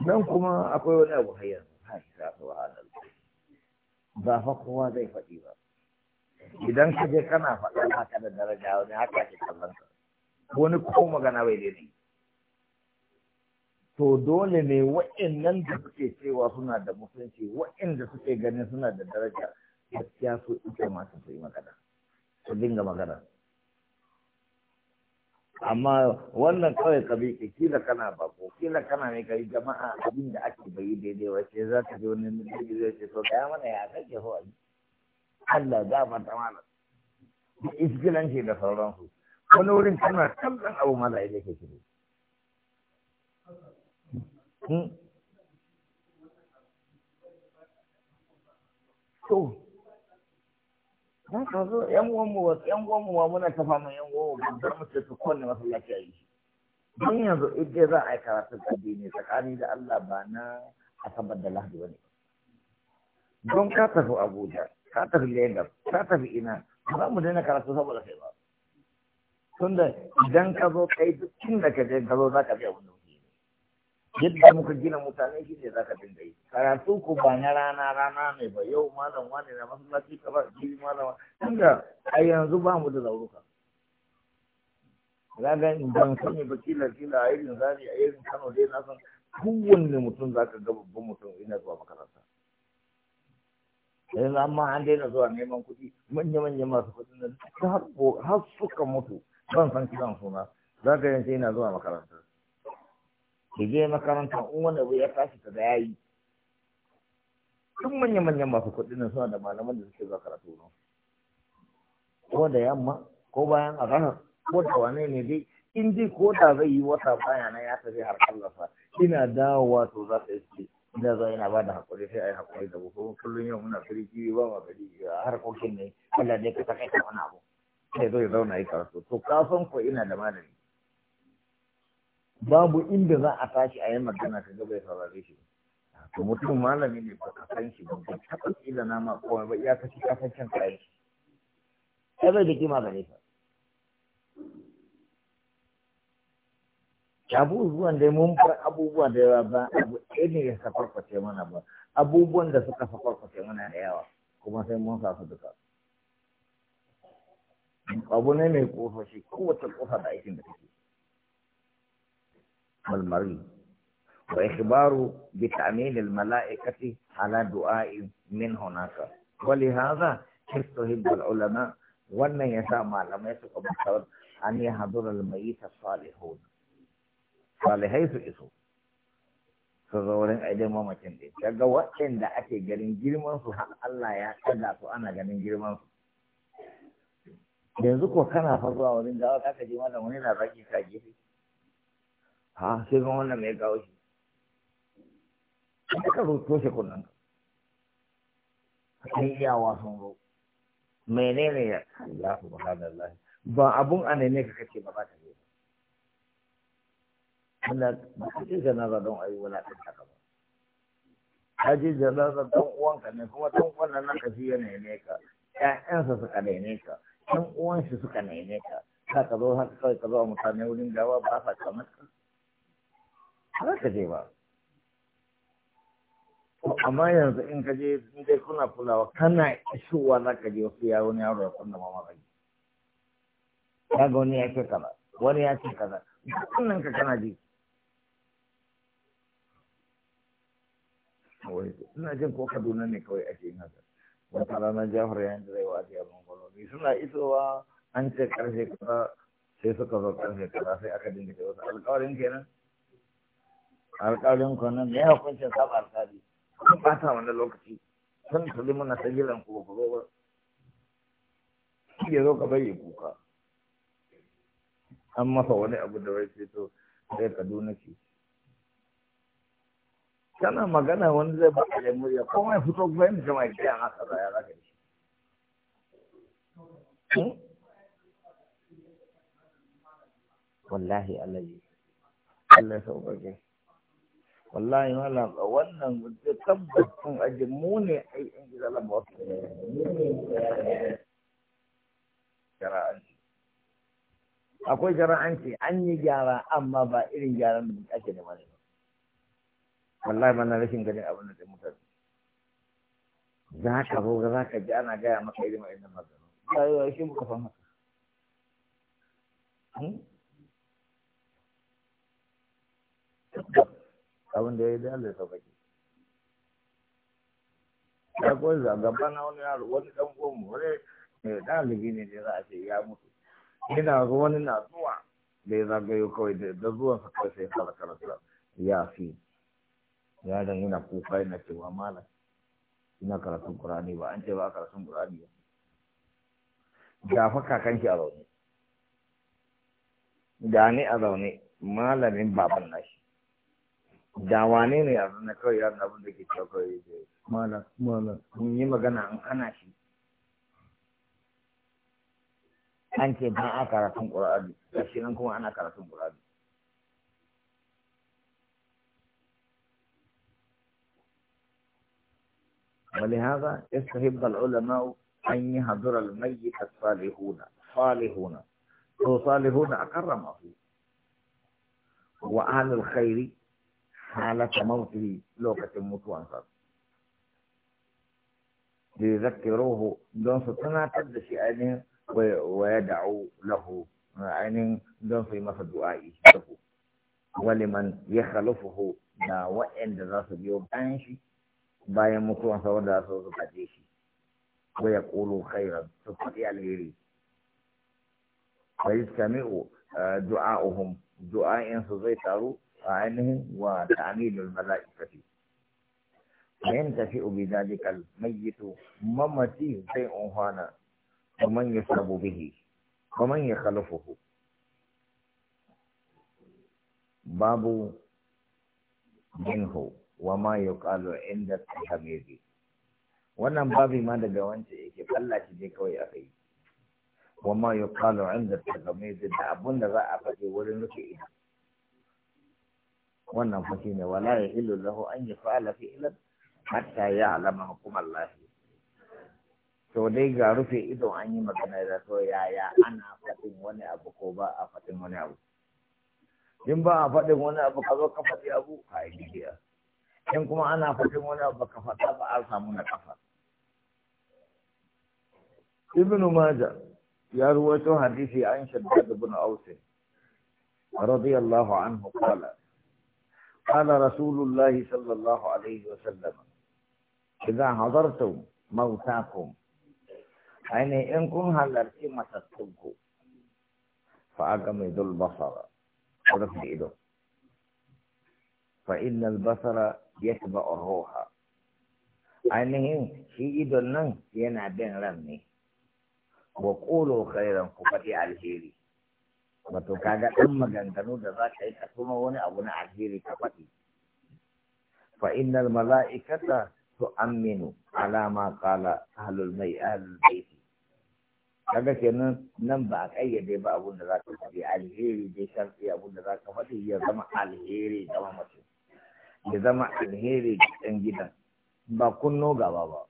dan kuma akwai wani abu hayyan hai subhanallah ba fa kowa zai faɗi ba idan ka je kana faɗa haka da daraja wani haka shi kallon ka wani ko magana bai daidai to dole ne wa'annan da suke cewa suna da mutunci wa'anda suke ganin suna da daraja gaskiya su ita masu su yi magana su dinga magana amma wannan kawai ka kila kana bako kila kana mai kai jama'a abin da ake bayi daidai wace za ka ji wani mutum zai ce to kaya mana ya kake ho Allah za ma ta mana iskilanci da sauransu wani wurin kana kallon abu mala ya ke kiri Hmm. to dan kazo yan uwanmu wa yan uwanmu wa muna tafa mun yan uwanmu ba za mu ce su kwanne masallaci a yi don yanzu idan za a yi karatun ne tsakani da Allah ba na asabar da lahadi ba ne don ka tafi abuja ka tafi lagos ka tafi ina ba za mu daina karatu saboda kai ba tunda idan ka zo kai duk da ka je ka zo za ka bi abin da yadda muka gina mutane shi ne zaka dinga yi karatu ku ba na rana rana ne ba yau malam wani na masallaci ka ba jiri malam tunda a yanzu ba mu da zauruka zaga ban sani ba kila kila a irin zane a irin kano dai na san kowanne mutum zaka ga babban mutum ina zuwa makaranta yanzu amma an daina zuwa neman kuɗi manya-manya masu na duk har suka mutu ban san kiran suna zaka yanzu ina zuwa makaranta ki je makaranta in wani abu ya tashi ta da yayi duk manya-manyan masu kuɗi ne suna da malaman da suke zuwa karatu nan ko da yamma ko bayan a ranar ko da wane ne dai in ji ko da zai yi wata baya na ya tafi har kallafa ina dawowa to za ta yi ina za ina ba da hakuri sai a yi hakuri da kuma kullum yau muna firi kiwi ba ma gari harkokin ne Allah ne ka ta kai ta wani abu sai zo ya zauna yi karatu to kafin ko ina da malami babu inda za a tashi a yi magana ka ga bai saurare shi to mutum malami ne ba ka san shi ba ka taɓa ƙila na ma komai ba iya kashi ka san can kayan shi ya bai da kima gare ka abubuwan da mun far abubuwa da yawa ba abu ɗaya ne ya safarkwace mana ba abubuwan da suka safarkwace mana da yawa kuma sai mun sa su duka abu ne mai kofa shi kowace kofa da aikin da take والمريض وإخبار بتأمين الملائكة على دعاء من هناك ولهذا يستهب العلماء وأن ما لم يسق أن يحضر الميت الصالحون صالحي su iso su zaurin mamakin mamacin ɗin daga waɗanda ake ganin girman su har Allah ya kada su ana ganin girman su yanzu ko kana fa zuwa wurin gawa kaka je wani na zaki ka ha sai kuma wannan mai kawo shi ka roto shi kunnan an iyawa sun ro menene ya Allah subhanallah ba abun a ne ka kace ba ba ta ne Allah ba ka ce na don ayi wala ta ka ba ka ji janaza don uwanka ne kuma don uwan nan ka ji ya ne ka ƴaƴansa suka ne ka ɗan uwansa suka ne ka ka ka zo haka kawai ka zo mutane wurin gawa ba sa kamar ka har je ba amma yanzu in ka je in dai kuna kulawa kana isowa za ka je wasu yaro ne yaro ya kunna mama kai ya ga wani ya ce kaza wani ya ce kaza kunnan ka kana ji ina jin ko kaduna ne kawai ake yin haka wata ranar jafar yayin da zai wace a bangalomi suna isowa an ce karfe kaza sai suka zo karfe kaza sai aka dinga wasu alkawarin kenan alƙalin kwanan ne ya hukuncin saba alƙali kun bata wani lokaci sun tuli muna ta jiran ku ku zo ba ya zo ka bai kuka an masa wani abu da wai sai to sai kaduna ce kana magana wani zai ba a murya ko mai fito ba yin jama'a kiyan haka za ya zaka shi hmm? wallahi Allah Allah ya sauƙaƙe wallahi malam wannan wuce kun aje mu ne ai in gida la mu ne akwai jara'anci an yi gyara amma ba irin gyaran da ake da ne wallahi mana rashin gani abin da mutane za ka zo za ka ji ana gaya maka irin wa'annan magana ya yi wa shi muka fan haka da abin da ya yi da Allah ya sauƙaƙe ya koyi gaba na wani yaro wani dan gomu wani mai ɗalibi ne da za a ce ya mutu Ina ga wani na zuwa da ya zagayo kawai da zuwan sa kawai sai kala kala kala ya fi yaron ina kuka yana cewa malam ina karatun Kurani ba an ce ba karatun Kurani ba ga fa kakan shi a zaune da ni a zaune malamin baban nashi dawane ne yanzu na kawai yaron abin da ke cewa kawai zai Mala, mala. mun yi magana an hana shi an ce ba a karatun ƙur'ani gashi nan kuma ana karatun ƙur'ani ولهذا يستحب العلماء أن يحضر الميت الصالحون صالحون وصالحون أكرمه وأهل الخير halata mautihi lokacin mutuwansa da ya zake roho don su tunatar da shi ainihin wa ya da'u lahu ainihin don su yi masa du'a'i Wani waliman ya khalufuhu da waɗanda za su biyo bayan shi bayan mutuwansa wanda za su kaje shi wa ya ƙulu khairan su faɗi alheri wa yastami'u eh, du'a'uhum du'a'in su zai taru ainihin wa ta'amilul mala'ikati man tafi bi zalikal mayyitu mamati sai unhana wa man yusabu bihi wa man yakhlufuhu babu minhu wa ma yuqalu inda tahamidi wannan babi ma daga wancan yake Allah shi dai kawai a kai wa ma yuqalu inda tahamidi da abun da za a faɗi wurin rufe ido wannan fa shine wala ya illu lahu an yaf'ala fi'lan hatta ya'lama hukum Allah to dai ga rufe ido an yi magana da to yaya ana fadin wani abu ko ba a fadin wani abu din ba a fadin wani abu ka zo ka fadi abu ka yi in kuma ana fadin wani abu ka fada ba a samu na kafa ibnu maja ya ruwaito hadisi an shaddad ibn aus radiyallahu anhu qala قال رسول الله صلى الله عليه وسلم إذا حضرتم موتاكم يعني إنكم هلرتي مسطنكم فأقمدوا البصر ورفع إيده فإن البصر يتبع الروح أين shi idon nan لن ينعبين ran وقولوا خيرا ƙulo على ku wato kaga ɗan maganganu da za ka yi ka kuma wani abu na alheri ka faɗi fa innal mala'ikata tu'minu ala ma qala ahlul mai ahlul bait kaga kenan nan ba a kayyade ba abun da za ka faɗi alheri dai sharfi abun da za ka faɗi ya zama alheri ga mutum ya zama alheri ga ɗan gidan ba kunno gaba ba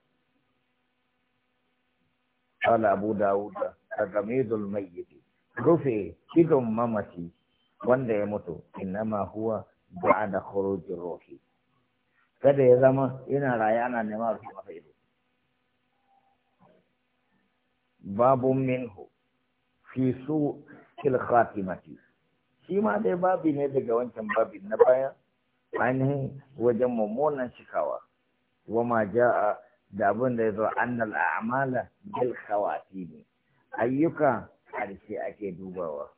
قال أبو داود تغميد الميت rufe idon mamaci wanda ya mutu innama huwa ba'da khurujir ruhi kada ya zama ina raye ana neman rufe masa ido babu minhu fi su kil khatimati shi ma dai babu ne daga wancan babin na baya ainihin wajen mummunan cikawa wa ma ja'a da abin da ya zo annal a'mala bil khawatimi ayyuka ƙarshe ake dubawa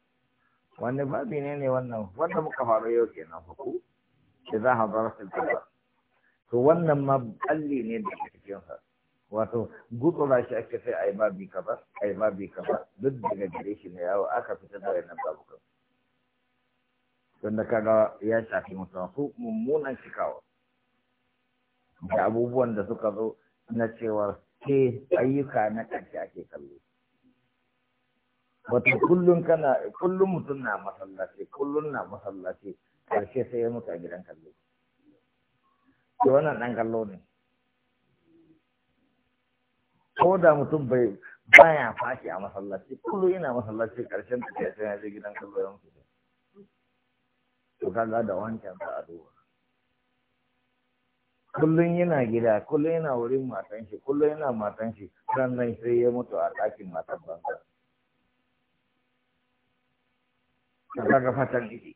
wani babi ne ne wannan wanda muka faru yau ke nan huku da za a zara su to wannan ma balli ne da ke cikin Wato wato gutsura shi ake sai ai babi kaza yi babi kaza duk daga gare shi ne yawo aka fitar da wannan babukan Wanda kaga ya shafi mutum mummunan shikawa da abubuwan da suka zo na cewa ke ayyuka na ƙarshe ake kallo wata kullum kana kullum mutum na masallaci kullum na masallaci karshe sai ya mutu a gidan kallo to wannan dan kallo ne ko da mutum bai baya fashi a masallaci kullum yana masallaci karshen ta sai ya je gidan kallo ya mutu to kaga da wancan sa a duba kullum yana gida kullum yana wurin matan shi kullum yana matan shi sannan sai ya mutu a ɗakin matan banza ga fatan iki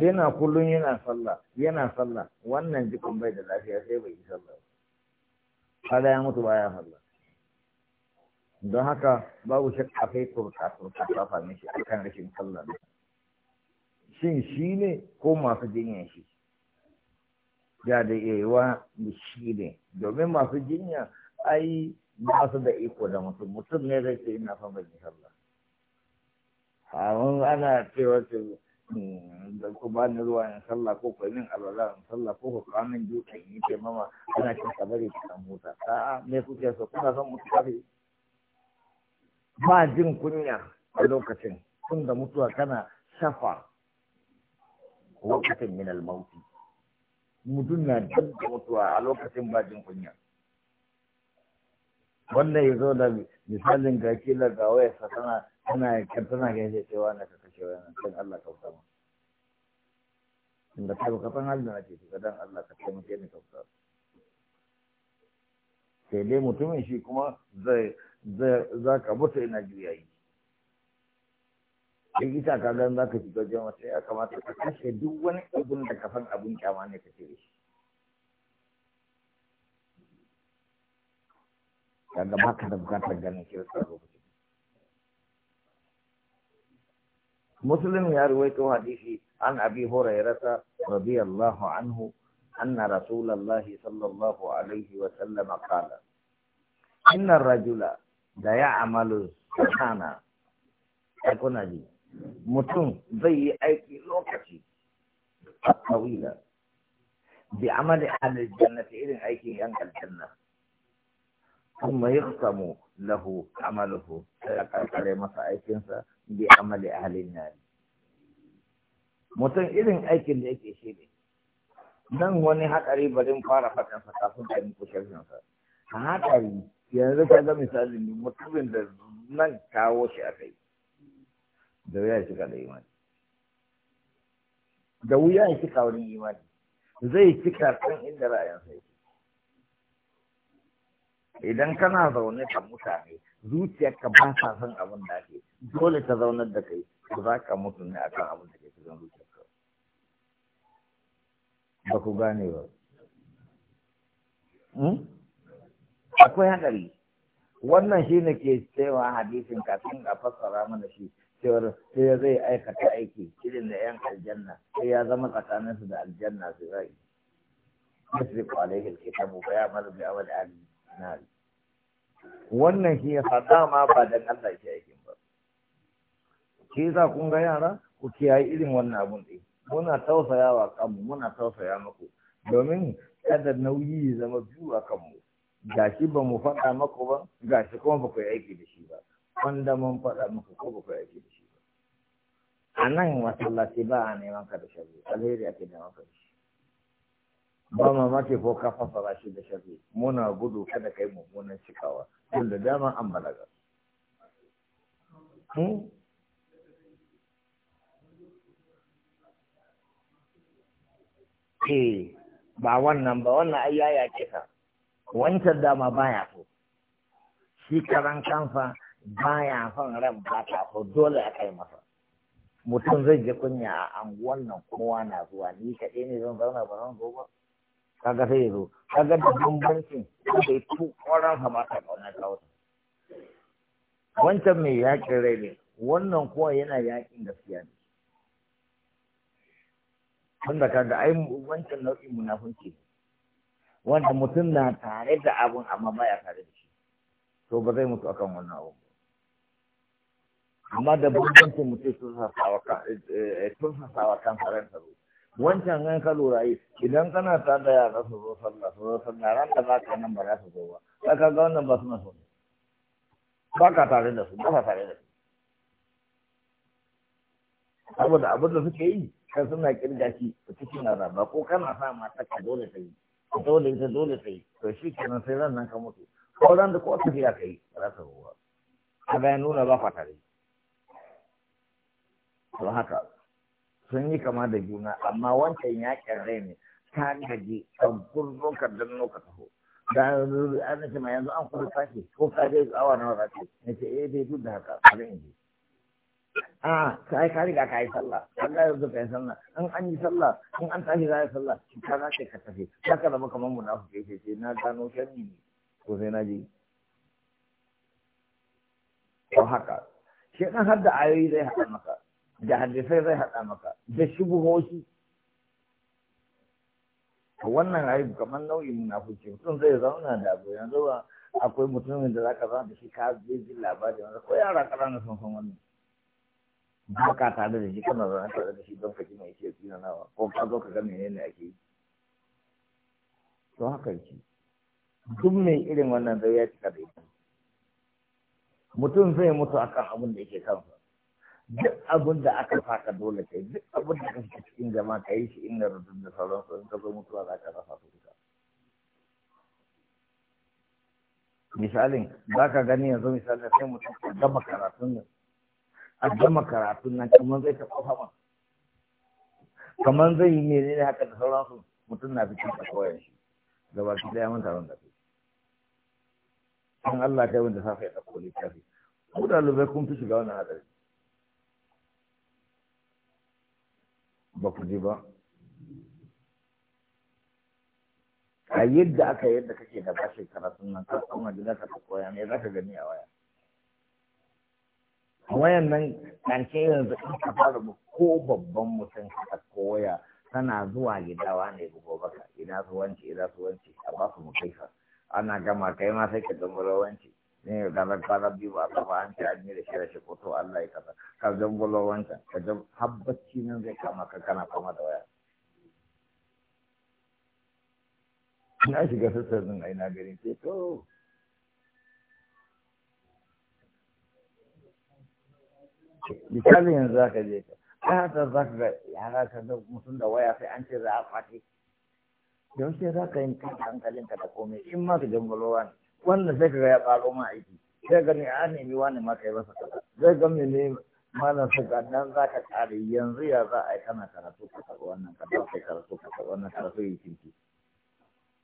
yana kullum yana sallah yana sallah wannan jikin bai da lafiya sai bai yi sallah Kada ya mutu baya sallah don haka babu shakka kai turka turka ta fami shi akan rashin sallah shin shi ne ko masu jinya shi ya da yawa shi ne domin masu jinya ai ba su da iko da mutum mutum ne zai ce ina son bai yi sallah Amin ana cewa ce hmm, da ku ba ni ruwa in sallah ko ku min alwala in sallah ko ku kamin dutse in yi mama ana cin kabari ta kan huta a'a me kuke so kuna son mutu kafe ba jin kunya a lokacin tun da mutuwa kana shafa lokacin min almauti mutum na jin da mutuwa a lokacin ba jin kunya wannan ya zo da misalin gakila kila ga tana tana tana ganin cewa na ka wa wannan kan Allah kauta mu inda ta ka san halin da nake shiga dan Allah ka kai mutum ne kauta sai dai mutumin shi kuma zai za ka mutu ina juya yi in ita ka gan za ka shiga jama'a sai ya kamata ka kashe duk wani abun da ka san abun kyama ne ka cire shi kaga ka da bukatar ganin kirsa lokaci مسلم يا رويت حديثي عن أبي هريرة رضي الله عنه أن رسول الله صلى الله عليه وسلم قال إن الرجل لا يعمل السحانة أكون دي متون زي أيكي لوكتي الطويلة بعمل أهل الجنة إذن أيكي ينقل الجنة ثم يختم له عمله فيقرر masa aikinsa bi amali ahlin nar mutum irin aikin da yake shi ne nan wani hatsari barin fara sa kafin da muku sharhinsa a hatsari yanzu ka ga misali mutumin da nan kawo shi a kai da wuya shi da imani da wuya shi kawo imani zai cika kan inda ra'ayin sai idan kana zaune da mutane zuciyarka ba sa son abin da ake dole ta zaunar da kai ba za ka mutu ne akan abin da ke cikin ka ba ku gane ba hmm? akwai haɗari wannan shi ne ke cewa hadisin kafin a fassara mana shi cewar sai zai aikata aiki irin da yan aljanna sai ya zama tsakaninsu da aljanna su zai yasriku alaihi alkitabu ya ya'malu bi amali ahli nari wannan shi ya sa ma ba da Allah shi aikin ba shi za kun ga yara ku kiyaye irin wannan abun din muna tausaya wa kanmu muna tausaya muku domin kada nauyi ya zama biyu a kanmu gashi ba mu faɗa maku ba gashi kuma ba ku yi aiki da shi ba wanda mun faɗa muku ko ba ku yi aiki da shi ba a nan masallaci ba a neman ka da alheri ake neman ka shi ba mamaki ko ka fassara shi da sharri muna gudu kada kai mummunan cikawa tun da dama an balaga hmm? eh ba wannan ba wannan ai yaya ce ka wancan dama baya so shi karan kansa baya son ran ba ta so dole a kai masa mutum zai je kunya a anguwan nan kowa na zuwa ni kaɗai ne zan zauna ba zan zo ba kaga sai ya zo kaga da bambancin da ya tukwaran hamata kauna wata wancan mai yakin rai ne wannan kuwa yana yakin gaskiya ne wanda kaga ai wancan nau'in munafunci wanda mutum na tare da abun amma baya tare da shi to ba zai mutu akan wannan abu amma da bambancin mutum sun sasawa kan eh, eh, sun sasawa wancan an ka lura yi idan kana ta da yara su zo sallah su zo sallah ran da baka nan ba za su zo ba sai ka ga wannan ba su na so ba ka tare da su ba ka tare da su saboda abin da suke yi kan suna kirga shi a cikin azaba ko kana sa mata ka dole ta yi dole ta dole ta yi to shi kenan sai ran nan ka mutu ko ran da ko fiya ka yi ba za ka zo ba ka bayan nuna ba ka tare to haka sun yi kama da juna amma wancan yakin rai ne ta gaji sabbin rokar don nuka taho da an ce mai yanzu an kudu tashi ko ka je awa nawa ka ce na ce eh bai duk da haka abin in ji a ah, ka yi ka ga ka yi sallah an ga yanzu ka yi sallah in an yi sallah in an tashi za a yi sallah ka za ka tafi za ka zama kamar munafukai ce ce na gano shan ne ko sai na je ko haka shi kan har da ayoyi zai haɗa maka da hadisai zai haɗa maka da shubuhoshi wannan ayi kamar nau'in munafuci mutum zai zauna da abu yanzu ba akwai mutumin da zaka zauna da shi ka zai ji labari wanda ko yara ƙanana sun san wannan ba ka tare da shi kana zauna tare da shi don ka ji mai ke nawa ko ka zo ka ga menene ake yi to haka yake duk mai irin wannan zai ya cika da ita mutum zai mutu akan abin da yake kansa duk abin da aka faka dole kai duk abin da aka fi cikin jama'a ka yi shi inda rudun da sauran sauran ka zai mutuwa za ka rasa su duka misalin za ka gani yanzu misalin sai mutum a gama karatun nan a gama karatun nan kamar zai ta kofa kamar zai yi ne haka da su mutum na fitin a koyar shi gaba shi daya mun taron da kai in Allah kai wanda safe ya ɗauko littafi ku da lubai kun fi shiga wannan hadari ba ku ji ba a yadda aka yadda kake da ba karatun nan ka kuma ji zaka koya ne ka gani a waya wayan nan kanke yanzu in ka fara ko babban mutum ka koya tana zuwa gidawa ne gobe baka ina zuwanci ina zuwanci a ba su mu kai ana gama kai ma sai ka gama rawanci ne gana kwana biyu ba kafa an ce an yi da shirya shi ko Allah ya kasa ka zan bulo wanka ka zan habbaci nan zai kama ka kana kama da waya na shiga sassan din aina gari ce to misali yanzu za ka je ka ta hata za ka ga yara ka ga mutum da waya sai an ce za a yau yaushe za ka yi kanka hankalinka da komai in ma ka jan bulo wani wannan sai kaga ya ƙaro ma aiki sai ga ne a nemi wani ma kai masa kaza zai ga ni ne malam ga dan za ka ƙare yanzu ya za a yi kana karatu ka karɓi wannan karatu kai karatu ka karɓi wannan karatu yi kinki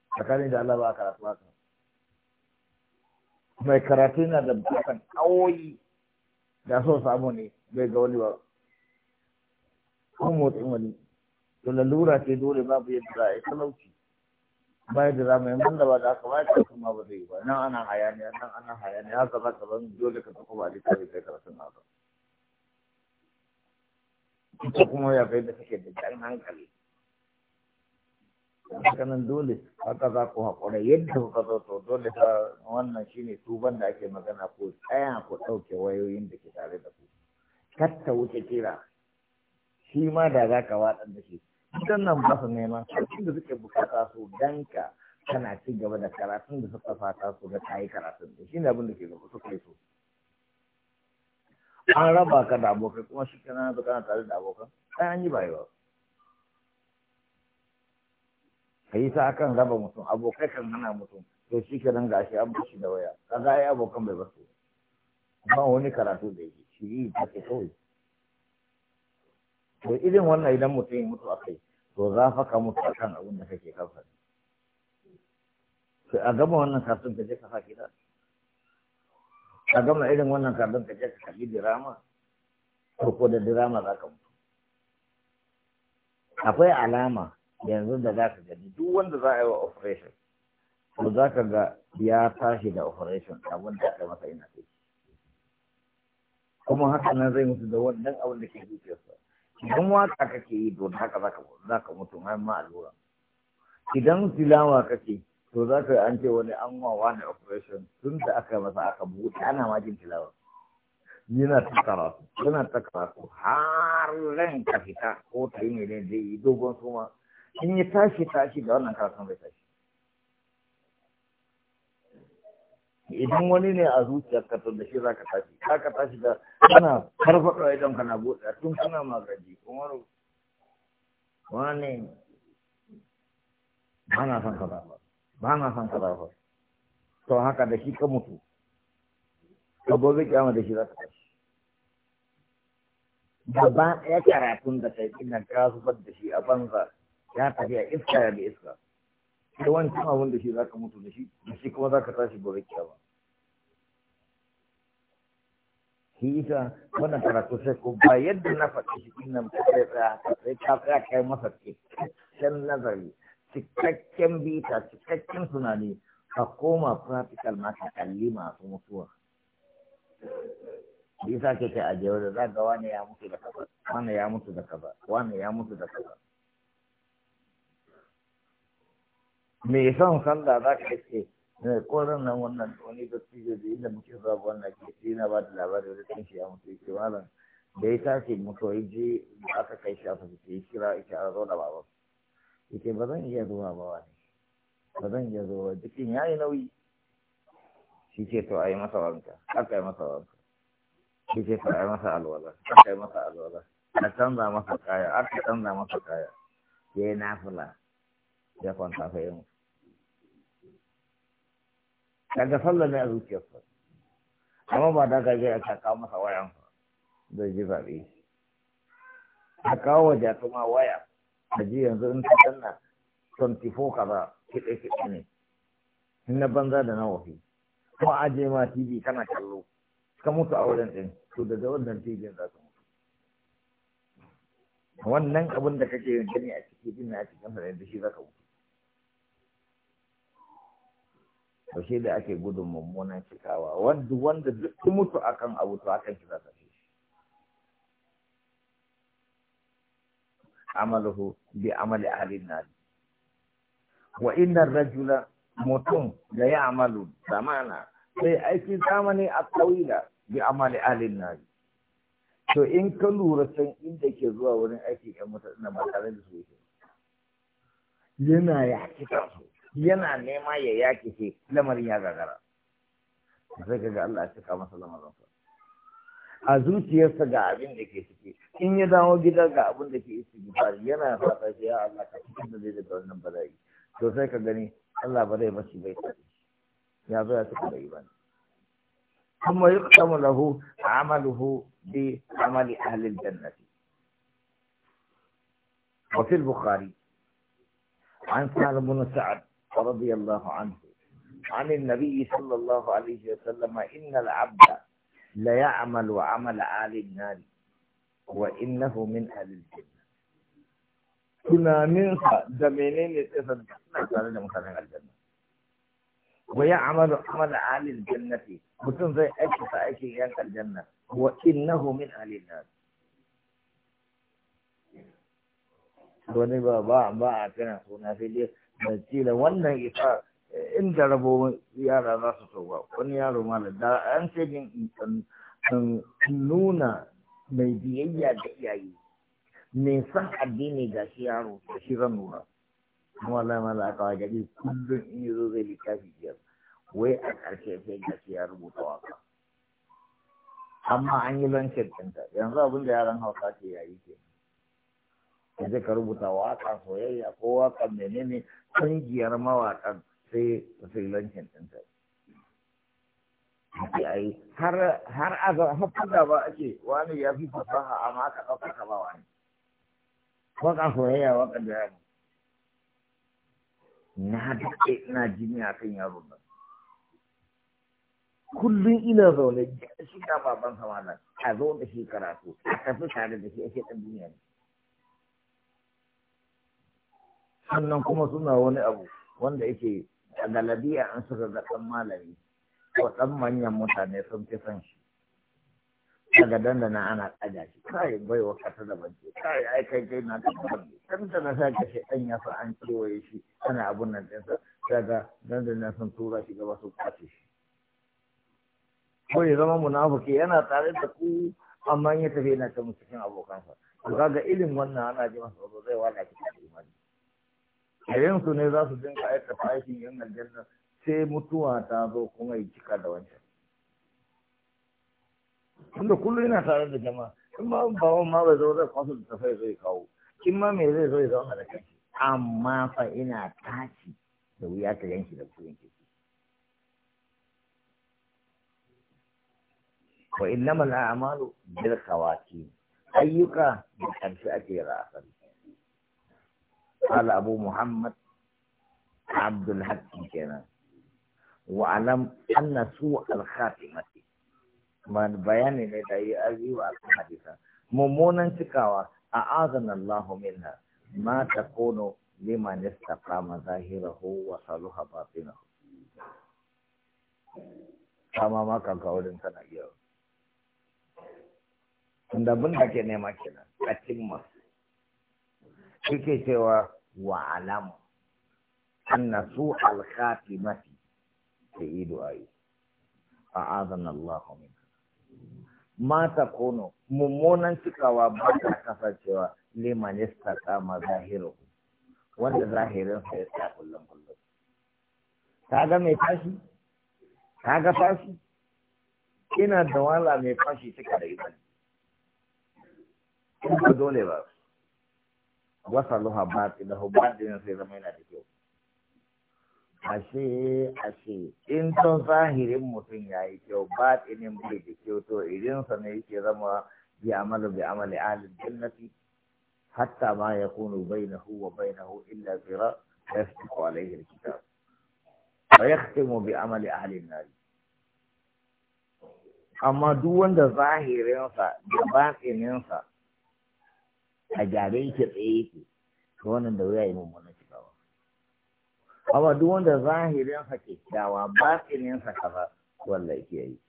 tsakanin da Allah ba karatu haka mai karatu yana da buƙatan awoyi da so samu ne bai ga wani ba kuma motsin wani to lalura ce dole babu yadda za a yi talauci bai da zamu yi da ba da aka bai da kuma ba zai ba nan ana hayaniya nan ana hayaniya haka za ka ban dole ka tafi ba littafi kai karatun ba. ita kuma ya bai da kake da jan hankali haka nan dole haka za ku haƙura yadda ku zo to dole ta wannan shine tuban da ake magana ko tsaya ku ɗauke wayoyin da ke tare da ku ta wuce kira shi ma da za ka watsar da shi idan nan ba su nema sarkin da suke bukata su danka kana ci gaba da karatun da suka fata su da kayi karatun da shi ne abin da ke gaba suka yi so an raba ka da abokai kuma shi kana da kana tare da abokan kai an yi bai ba ka yi kan raba mutum abokai kan hana mutum to shi kenan gashi an bashi da waya kaga ai abokan bai basu ba wani karatu da yake shi yi ta ke kawai to irin wannan idan mutum ya mutu a kai to za fa ka mutu kan abin da kake kafa? sai a gama wannan karatun ka je ka sa gida a gama irin wannan karatun ka je ka kalli dirama to ko da dirama za ka mutu akwai alama yanzu da za ka gani duk wanda za a yi wa operation to za ka ga ya tashi da operation abin da aka masa ina kai kuma haka nan zai mutu da wannan abin da ke zuciyarsa idan waka kake yi don haka za ka mutu har ma allura idan tilawa kake to za ka an ce wani an wa wani operation tun da aka masa aka buɗe ana ma jin tilawa yana ta karatu yana ta karatu har ran ka fita ko ta yi ne zai yi dogon suma in yi tashi tashi da wannan karatun zai tashi idan wani ne a zuciyarka to da shi zaka tashi zaka tashi da kana farfaɗo idan kana buɗe tun kana magaji kuma wani ba na son kaza ba na son kaza to haka da shi ka mutu ka gobe kiyama da shi zaka tashi gaba ya karatun da kai ina ka zubar da shi a banza ya tafi a iska ya bi iska da wancan abin da shi za ka mutu da shi da shi kuma za ka tashi gobe kyawa shi isa wannan karatu sai ko ba yadda na faɗi shi ina ba sai tsaya sai ka tsaya kai masa cikakken nazari cikakken bita cikakken tunani ka koma practical ma ka kalli masu mutuwa bisa isa ke kai da za ga wani ya mutu da kaza wani ya mutu da kaza wani ya mutu da kaza me son sallah za ka ce ne eh, koran nan wannan wani dattijo da inda muke zuwa wannan ke shi na ba da labarin da sun shi ya mutu yake malam da ya tashi mutu ya je aka kai shi a fasike ya kira ita a zo da baba yake ba zan iya zuwa ba wani ba zan iya zuwa jikin ya yi nauyi shi ce to a yi masa wanka aka yi masa wanka shi ce to a yi masa alwala aka yi masa alwala a canza masa kaya aka canza masa kaya ya yi nafula ya kwanta fa ya mutu kaga sallar ne a zuciyarsa amma ba da kaje a kaka masa wayan zai ji zaɓe a kawo wa jatuma waya a ji yanzu in ta danna 24 kaza kiɗe kiɗe ne na banza da na wafi Kuma aje ma tv kana kallo ka mutu a wurin ɗin to daga wannan tv za ka mutu wannan abin da kake gani a ciki din na cikin da shi za ka mutu to shi da ake gudun mummunan cikawa wanda wanda duk mutu akan abu to akan shi za ta fi amaluhu bi amali ahli nari wa inna rajula mutum da ya amalu zamana sai aiki zamani a tsawila bi amali ahli nari to in ka lura san inda ke zuwa wurin aiki kan mutane ba tare da su yana ya kitan su yana nema ya yaki shi lamarin ya gagara sai kaga Allah ya cika masa lamarin sa a zuciyarsa ga abin da ke ciki in ya dawo gida ga abin da ke istighfar yana fata shi ya Allah ka cikin da zai daga wannan bala'i to sai ka gani Allah ba zai bashi bai tafi ya zo ya cika da imani kuma yi yuqtamu lahu amaluhu bi amali ahli al-jannati وفي البخاري عن سعد بن سعد رضي الله عنه عن النبي صلى الله عليه وسلم إن العبد لا يعمل عمل آل النار وإنه من أهل الجنة كنا منك زمينين الجنة ويعمل عمل آل الجنة بطن زي أكي فأكي ينك الجنة وإنه من أهل النار وني بابا بابا كنا هنا في اليوم da kila wannan ita inda rabo yara za su tauba wani yaro mala da an ce min in nuna mai biyayya da iyaye me san addini ga shi yaro da shi zan nuna kuma Allah mala wa gari kullum in yi zo zai littafi biyar wai a ƙarshe sai ga shi ya rubuta waka amma an yi lancin ɗinta yanzu abin da yaran hausa ke yayi kenan yanzu ka rubuta waka soyayya ko waka menene kungiyar mawakan sai freelancing ɗinta ai har har aga hafada ba ake wani ya fi fasaha amma ka ɗauka ka ba wani waka soyayya waka da yana na dake ina jini a kan yaro nan kullum ina zaune shi da baban samanan a zo da shi karatu a tafi tare da shi ake ɗan duniya ne sannan kuma suna wani abu wanda yake a galabiya an suka ga ɗan malami ko ɗan manyan mutane sun fi son shi daga dandana ana ɗaga shi kai bai wa kasa da banke kai ai kai kai na ta banke kan da na sa kashe ɗan ya fa an kewaye shi ana abun nan ɗinsa daga dandana sun tura shi gaba su kwace shi ko ya zama munafuki yana tare da ku amma ya tafi yana ta musu cikin abokansa to kaga irin wannan ana ji masa zai wala ki imani A su ne za su dinga aika aikin yan aljanna sai mutuwa ta zo kuma ya cika da wancan tunda kullum yana tare da jama'a in ba bawan ma bai zo zai kwaso da tafai zai kawo in ma me zai zo ya zauna da kanki amma fa ina tashi da wuya ta yanki da kuɗin ki wa innamal a'malu bil khawatim ayyuka da kansu ake ra'asari قال أبو محمد عبد الحق كان وعلم أن سوء الخاتمة من بيان لدي أبي وأكحدثا ممونا تكاوى أعاذنا الله منها ما تكون لمن استقام ظاهره وصلها باطنه kama maka ga wurin kana iya tunda abin da ke nema kenan a cimma suke cewa wa’alam anna su alkhati mafi ta yi du'ayi a azan Allah mata kono mummunan cikawa ba ta kasancewa liman istaqama zahiru wanda zahirin sa ya tsaya kullum kullum ta ga mai fashi? ta ga tashi da wala mai fashi cika da ita ba dole ba wasaluha batilahu batinin sai zama yana da kyau ashe ashe in to zahirin mutum ya yi kyau batinin bai da kyau to sa ne yake zama bi amalu bi amali ahlil jannati hatta ma yakunu bainahu wa bainahu illa zira yasbiqu alayhi alkitab wa yakhtimu bi amali ahli an-nar amma duk wanda zahirinsa da sa. a gaban shi tsaye yake to wannan da wuya yi mummunan shigawa amma duk wanda zahirin sa kyakkyawa batinin sa kaza wallahi ke yi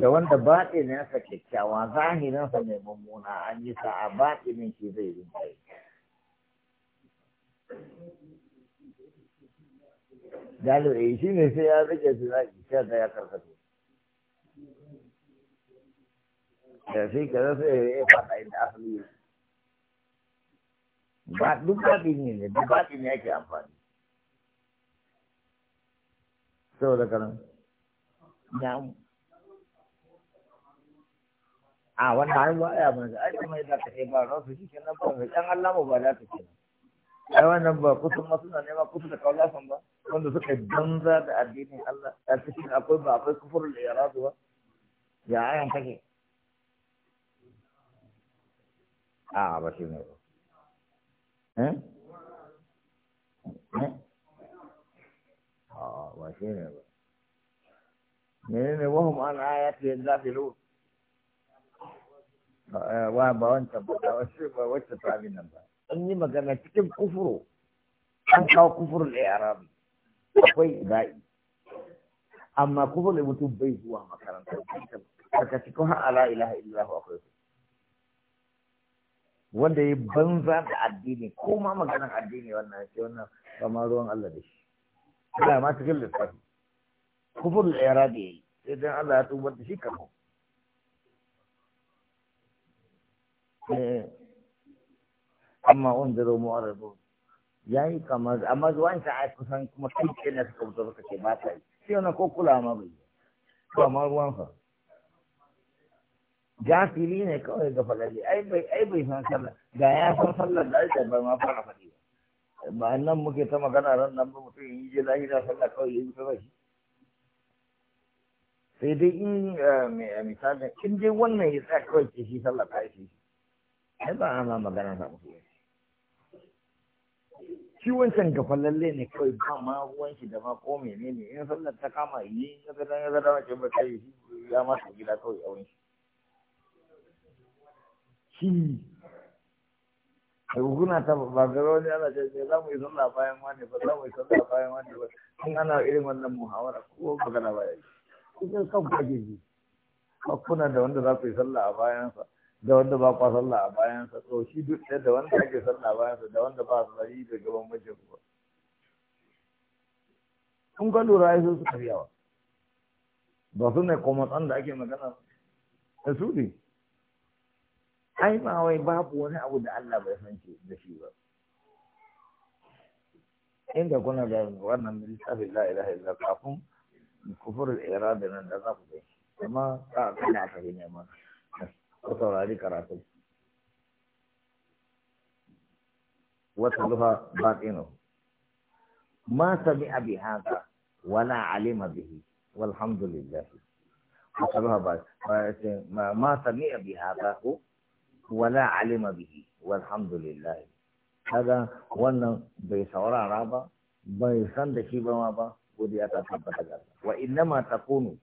da wanda batinin sa kyakkyawa zahirin sa mai mummuna an yi sa a batinin shi zai yi yi Galo eh shi ne sai ya rage su zaki sai da ya karkato. Da sai ka sai eh, ya faɗa inda asali yake. ba duk babi ne ne duk babi ne ake amfani saboda karan na'am a wannan ai ba ya ba ai kuma idan ka ce ba ran su shi kenan ba mai dan Allah ba za ta kenan ai wannan ba kusan ma suna nema kusa da kaula san ba wanda suka banza da addinin Allah a cikin akwai ba akwai kufurul iradu ba ya ayan take a ba shi ne ba Eh? Eh? a'a ah, ne shi ne ba menene wahum an ayati yadzafiru eh, wa ba wancan ba wasu ba wacce ta abin nan ba an yi magana cikin kufuru an kawo kufurul i'rabi akwai da'i amma ne mutum bai zuwa makaranta ka ko ha ala ilaha illallah akwai wanda ya banza da addini ko ma maganar addini wannan ce wannan kama ruwan Allah da shi Allah ma cikin lissafi kufur da yara da yayi sai dan Allah ya tubar da shi kafo eh. amma on da mu yi yayi kamar amma zuwan ta a kusan kuma kai ne suka fito suka ce ba ta sai wani ko kula ma bai yi. Kama ruwan fa gafili ne kawai ga falalle ai bai ai bai san sallah ga ya san sallar da ake bai ma fara faɗi ba nan muke ta magana ran nan ba mutum yi je lahira sallah kawai yi ta shi sai dai in eh, misali in dai wannan ya tsaya kawai ke shi sallah ta shi ai ba ana magana ta mutum shi wancan ga falalle ne kawai ba ma ruwan shi da ma ko menene in sallar ta kama yi in ga ya ga ce ba kai ya ma gida kawai a wani shi kuna ta babbar ne ana ce me za mu yi sallah bayan wani ba za mu yi sallah bayan wani ba in ana irin wannan muhawara ko magana ba ya yi cikin kan kage ji kuna da wanda za ku yi sallah a bayansa da wanda ba kwa sallah a bayansa to shi duk da wanda ake sallah a bayansa da wanda ba su yi da gaban mijin ku kun ga lura ai sun su karyawa ba su ne komatsan da ake magana da su ne ai ba wai babu wani abu da Allah bai san shi da shi ba inda kuna da wannan lissafin la ilaha illa kafin kufur irada nan da za ku gani amma ka kana ta ne ma ku saurari karatu wata lufa batinu ma sami abi haka wala alima bihi walhamdulillah wata lufa ba ma sami abi haka ko wala alima bihi walhamdulillah kaga wannan bai saurara ba bai san da shi ba ma ba godiya ta tabbata ga wa ma takunu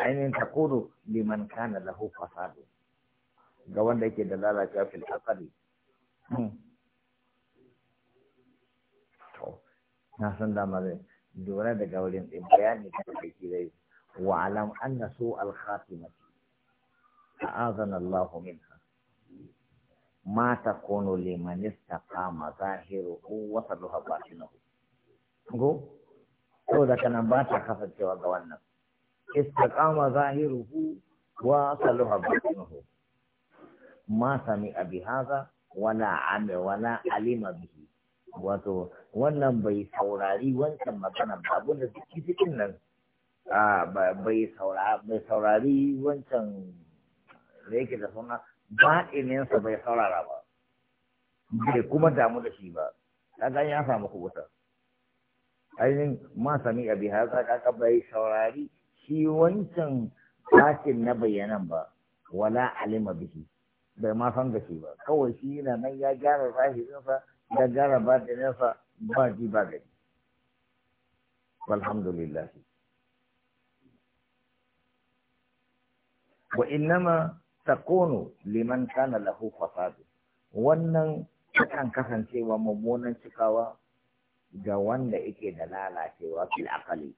ainihin takunu liman kana lahu fasadu ga wanda yake da a fil aqali to na san da mare dora daga wurin din bayani da kake dai wa alam anna su al khatimati a'azana Allah minha ma takunu liman istaqama zahiruhu wa salluha batinuhu go saboda kana ba ta kasancewa ga wannan istaqama zahiruhu wa salluha batinuhu ma sami abi haza wala ame wala alima bihi wato wannan bai saurari wancan magana ba abin da suke cikin nan bai saurari wancan da yake da suna ba ba'ininsa bai saurara ba bai kuma damu da shi ba kaga ya samu kubuta ainihin ma sami abi har ka bai saurari shi wancan ɗakin na bayanan ba wala alima bihi bai ma san da ba kawai shi yana nan ya gyara sa, ya gyara batininsa ba ji ba gari walhamdulillah wa innama takunu liman kana lahu fasadu wannan kan kasancewa mummunan cikawa ga wanda yake da lalacewa fil aqali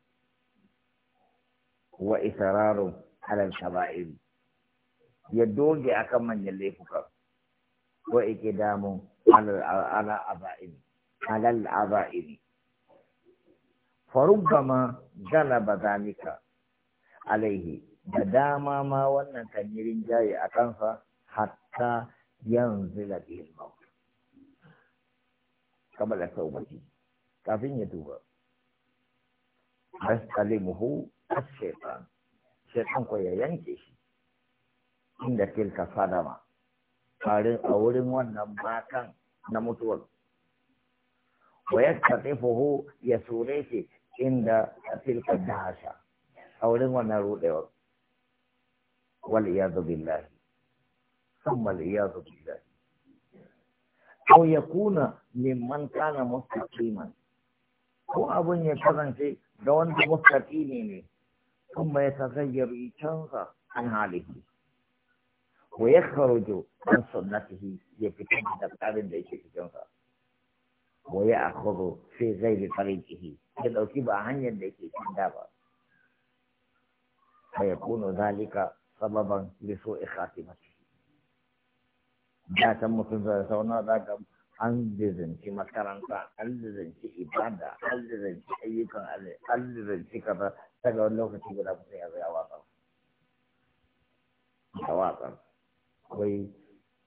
wa israrun ala kaba'ir ya doge akan manyan laifuka wa yake damun ala aba'in al aba'in farubbama galaba zalika alaihi da dama ma wannan kan yi a kansa hatta yanzu da biyun ba. kamar da taubaki kafin ya duba asalimuhu as-shaytan shaytan ko ya yanke shi inda tilka sadama a wurin wannan bakan na mutuwar wa ya yastatifuhu ya sure shi inda tilka dasha, a wurin wannan rudewar والعياذ بالله ثم العياذ بالله أو يكون ممن كان مستقيما ko abin ya kasance da wanda mustaƙimi ne kuma ya tagayyaru canza an halihi wa ya karojo an sunnatihi ya fita da tsarin da yake cikinsa wa ya zai fi ghairi tariqihi ya ɗauki ba hanyar da yake cikin da ba fa yakunu zalika sababan liso ikhatimati da san mutum zai sauna daga an dizinci makaranta an dizinci ibada an dizinci ayyukan alai an dizinci kaza daga wani lokaci guda mutum ya zai a watsar a ne ne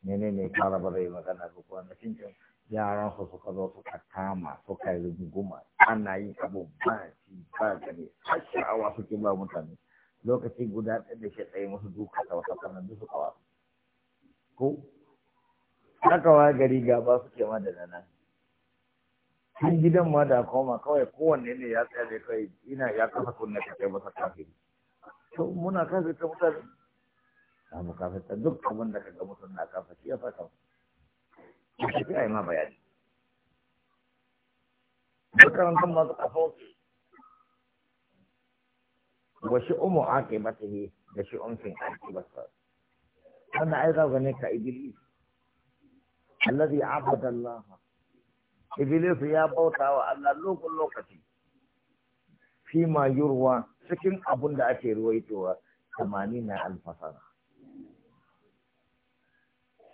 menene kara ba zai magana ba kuma na cincin yaran su suka zo suka kama suka runguma ana yin abu ba ci ba gani har sha'awa suke ba mutane lokaci guda ɗaya da shi tsaye musu duka ta wata kwanan da suka wasu ko haka wa gari ga gaba ke ma da nan tun gidan ma da koma kawai kowanne ne ya tsaya da kai ina ya kasa kunna ta kai masa kafiri to muna kafin ta mutane Na mu kafin ta duk abin da kaga mutum na kafa shi ya fata a shi yi ma bayani makarantar masu kafa wa shi umu aqibatihi da shi umfin aqibatsa wannan ai zaka ne ka iblis alladhi abada Allah iblis ya bauta wa Allah lokacin lokaci fi ma yurwa cikin abun da ake ruwaitowa na alfasana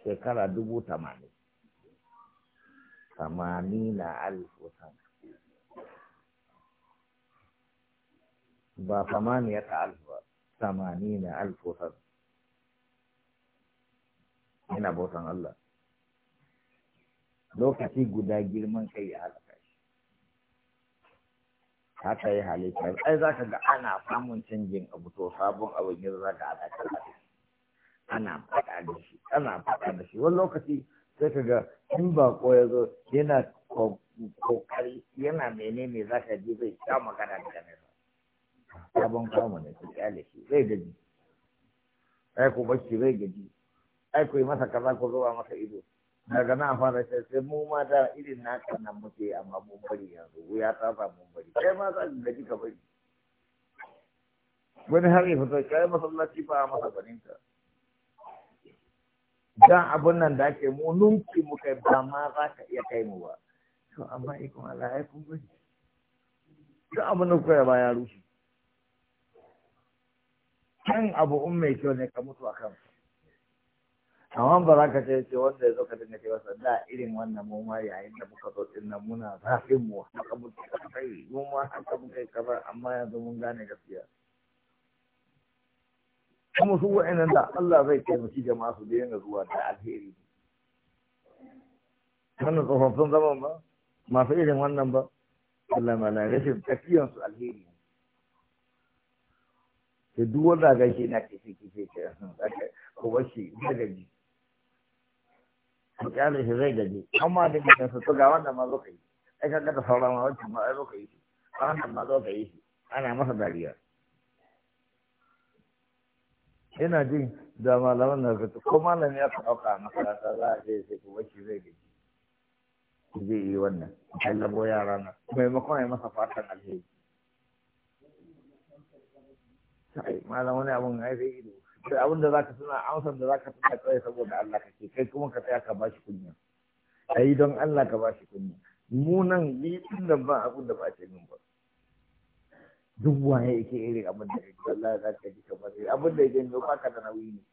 shekara dubu tamanin na alfasana ba samaniyar alf ba samani na alfosar yana bautan Allah lokaci guda girman kai ya halaka shi haka yi halitta ai za ka ga ana samun canjin abu to sabon abin yanzu za ka haɗa ana faɗa da shi ana faɗa da shi wani lokaci sai ka ga in ba ya zo yana kokari yana menene za ka ji zai sha magana da gane sabon kama ne su kyale shi zai gaji ai ku bacci zai gaji ai ku yi masa kaza ku zuwa masa ido daga na fara sai sai mu ma da irin na nan muke amma mun bari yanzu wuya ta ba mun bari kai ma za ka gaji ka bari wani har yi fito kai masallaci ba a masa baninka dan abun nan da ake mu nunki mu kai ba ma za ka iya kai mu ba to amma ikon Allah ai kun bari da abun nan koya ba ya rushe kan abu in mai kyau ne ka mutu a kan amma ba za ka ce ce wanda ya zo ka dinga cewa da irin wannan mu ma yayin da muka zo din nan muna zafin mu haka muke kai mu ma haka kai kafa, amma yanzu mun gane gaskiya kuma su wa'annan da Allah zai taimaki jama'a su daina zuwa da alheri wannan tsofaffin zaman ba masu irin wannan ba Allah ma na rashin tafiyansu alheri sai duk wanda ga shi na kifi kifi ce ko wasi zai gaji kana shi zai gaji amma da mutum to ga wannan ma zo ka yi ai ka gata sauran ma wancan ma zo ka yi shi wannan ma zo ka yi shi ana masa dariya ina jin da malaman na fito ko malami aka ka a makaranta za a sai sai kuma shi zai gaji zai yi wannan lallabo yara na maimakon ya masa fatan alheri sai malam wani abun ai sai ido sai abin da zaka tuna amsar da zaka tuna kai saboda Allah kake kai kuma ka tsaya ka bashi kunya Ayi don Allah ka bashi kunya mu nan ni da ba abun da ba ce min ba duk waye yake irin abin da yake Allah za ka ji kamar abin da yake ne ba ka da nauyi ne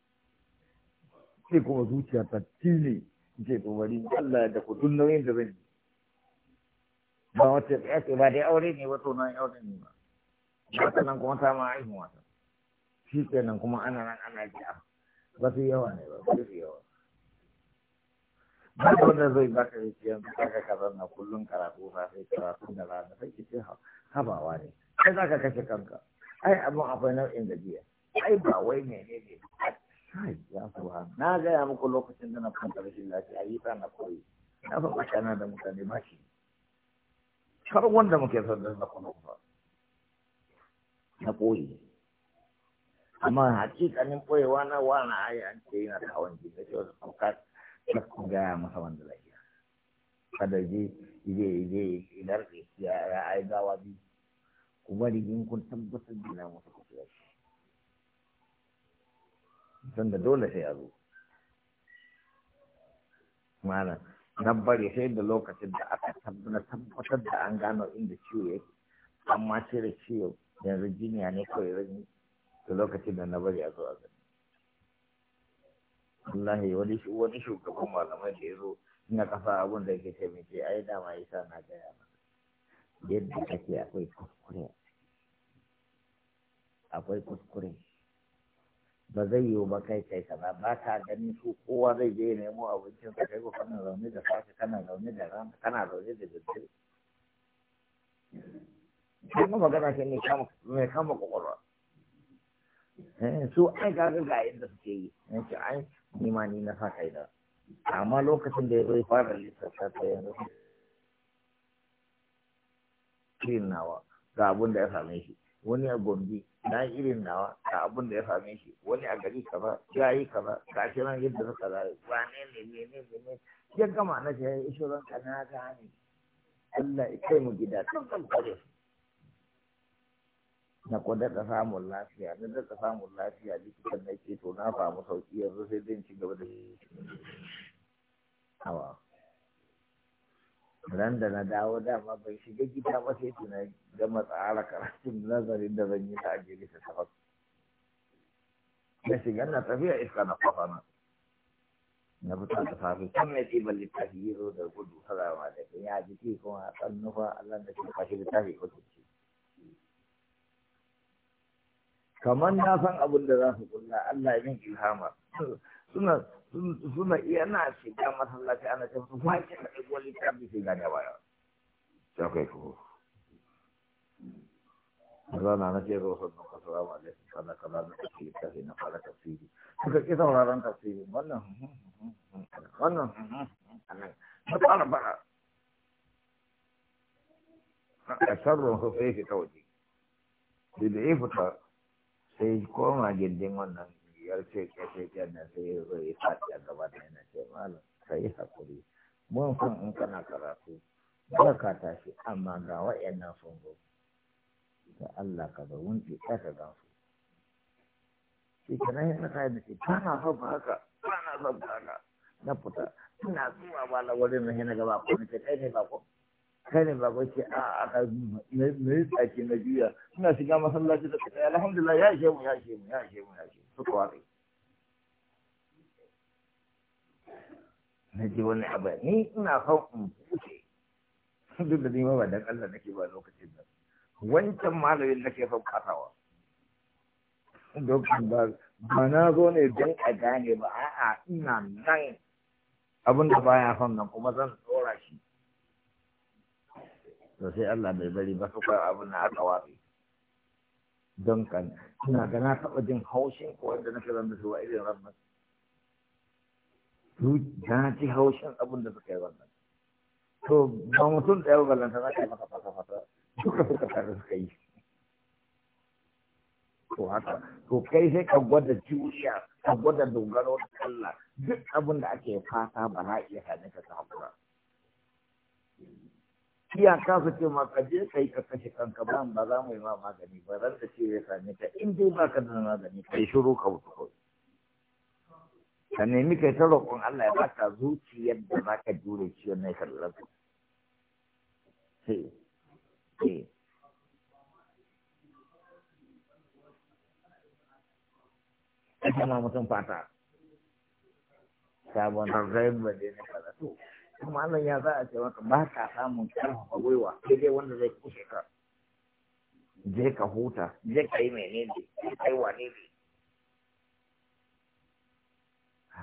sai kuma zuciya ta tile ke kokari Allah da ku tun nauyin da zan yi ba wata ce ba dai aure ne wato na aure ne ba haka nan kuma ta ma aihuwa ta shi kenan kuma ana nan ana jiya ba su yawa ne ba ba su yawa ba da wanda zai ba ka yi yanzu za ka kazan na kullum karatu ba sai karatu da rana sai ki ce habawa ne sai za ka kashe kanka ai abin akwai nau'in gajiya ai ba wai ne ne ne ya ha na gaya muku lokacin da na kwanta rashin lafiya yi ta na koyi na fa makana da mutane ba shi har wanda muke sanar da kuma kuma na koyi amma hakikanin boyewa na wani ayi an ce yana da hawan jini sai wasu kuka kakku gaya masa wanda lafiya kada je je je idar shi a ai gawa bi ku bari in kun tabbatar da na musu kuka shi. don da dole sai a zo mana na bari sai da lokacin da aka tabbatar da an gano inda ciwo yake amma cire ciwo yanzu jinya ne kawai rani da lokacin da na bari a zo a gani wallahi wani wani shugaban malamai da ya zo ina kasa abun da yake ce mai ce ai dama sa na gaya maka yadda kake akwai kuskure akwai kuskure ba zai yiwu ba kai kai kaza ba ka gani su kowa zai je ya nemo abincin ka kai ko kana zaune da safe kana zaune da rana kana zaune da daddare kuma magana ce ne mai kama kwakwalwa Eh, su an ka ga yadda suke yi in ce an na sa kai da amma lokacin da ya zo fara lissafta ta yanzu irin nawa ga abin da ya same shi wani a gombe na irin nawa ga abin da ya same shi wani a gari kaza ya yi kaza ga shi nan yadda suka zare wane ne ne ne ne ne ya gama na shi ya yi ishirin na Allah ya kai mu gida tun kan kare su na ko daɗa samun lafiya na daɗa samun lafiya likitan na ke to na samu sauki yanzu sai zan ci gaba da shi hawa ran da na dawo dama bai shiga gida ba sai tuna gama tsara karatun nazarin da zan yi ta ajiyar ta sabab na shiga na tafiya iska na kwafa na na fita da safe kan mai ɗiban littafi yi da gudu harawa da ya jiki kuma a tsannufa allah da ke kwashe littafi ko kamar na san abin da za su kulla Allah yin ilhama suna suna iya na shiga masallaci ana ce su wace da ɗago littafi su gane baya sai kai ko Allah na ce zo sun ka sara ma alaikum kana kaza na kake littafi na fara tafsiri suka ƙi sauraron tafsiri wannan wannan na fara fara ba sarrun su sai shi ta waje da ya sai koma gindin wannan yar ce kashe kyanna sai ya zo ya faɗi a gaba da yana ce malam ka yi haƙuri mun san in kana karatu ba ka tashi amma ga wa'annan sun zo da Allah ka da wunci ka ta ga su shi ka nan yana kayan da ce ba na son ba haka ba na son ba haka na fita ina zuwa ba na wurin na hina gaba ko na ce kai ne ba ko kare baba ce a aka me yi tsaki na juya ina shiga masallaci da kai alhamdulillah ya ishe mu ya ishe mu ya ishe mu ya ishe suka ware na ji wani abu ni ina son in fuce duk da nima ba dan Allah nake ba lokacin nan wancan malamin nake son kasawa dokin ba ba na zo ne don a gane ba a'a ina nan abin da baya son nan kuma zan tsora shi to sai Allah bai bari ba su kwa abin na aka wafi don kan ina ga na taɓa jin haushin ko wanda na kiran da su a irin ranar su na ji haushin abin da suka yi wannan to ba mutum ɗaya ba lanta na kai maka fata fata duka suka tare suka yi to haka to kai sai ka gwada juriya ka gwada dogaro da Allah duk abin da ake fata ba na iya sani ka ta hakura iyaka su ce ma kaje kai ka kashe kanka ba ba za mu yi ma magani ba ran da ce ya sami ka in dai ba ka da magani ka yi shiru ka wuce kawai ka nemi kai ta roƙon Allah ya baka zuciyar da za ka jure ciwon na eh, eh. ka lafi ma mutum fata sabon rarrayin ba dai na karatu malam ya za a ce maka ba ka samun karfafa gwiwa sai dai wanda zai kushe ka je ka huta je ka yi menene kai wane ne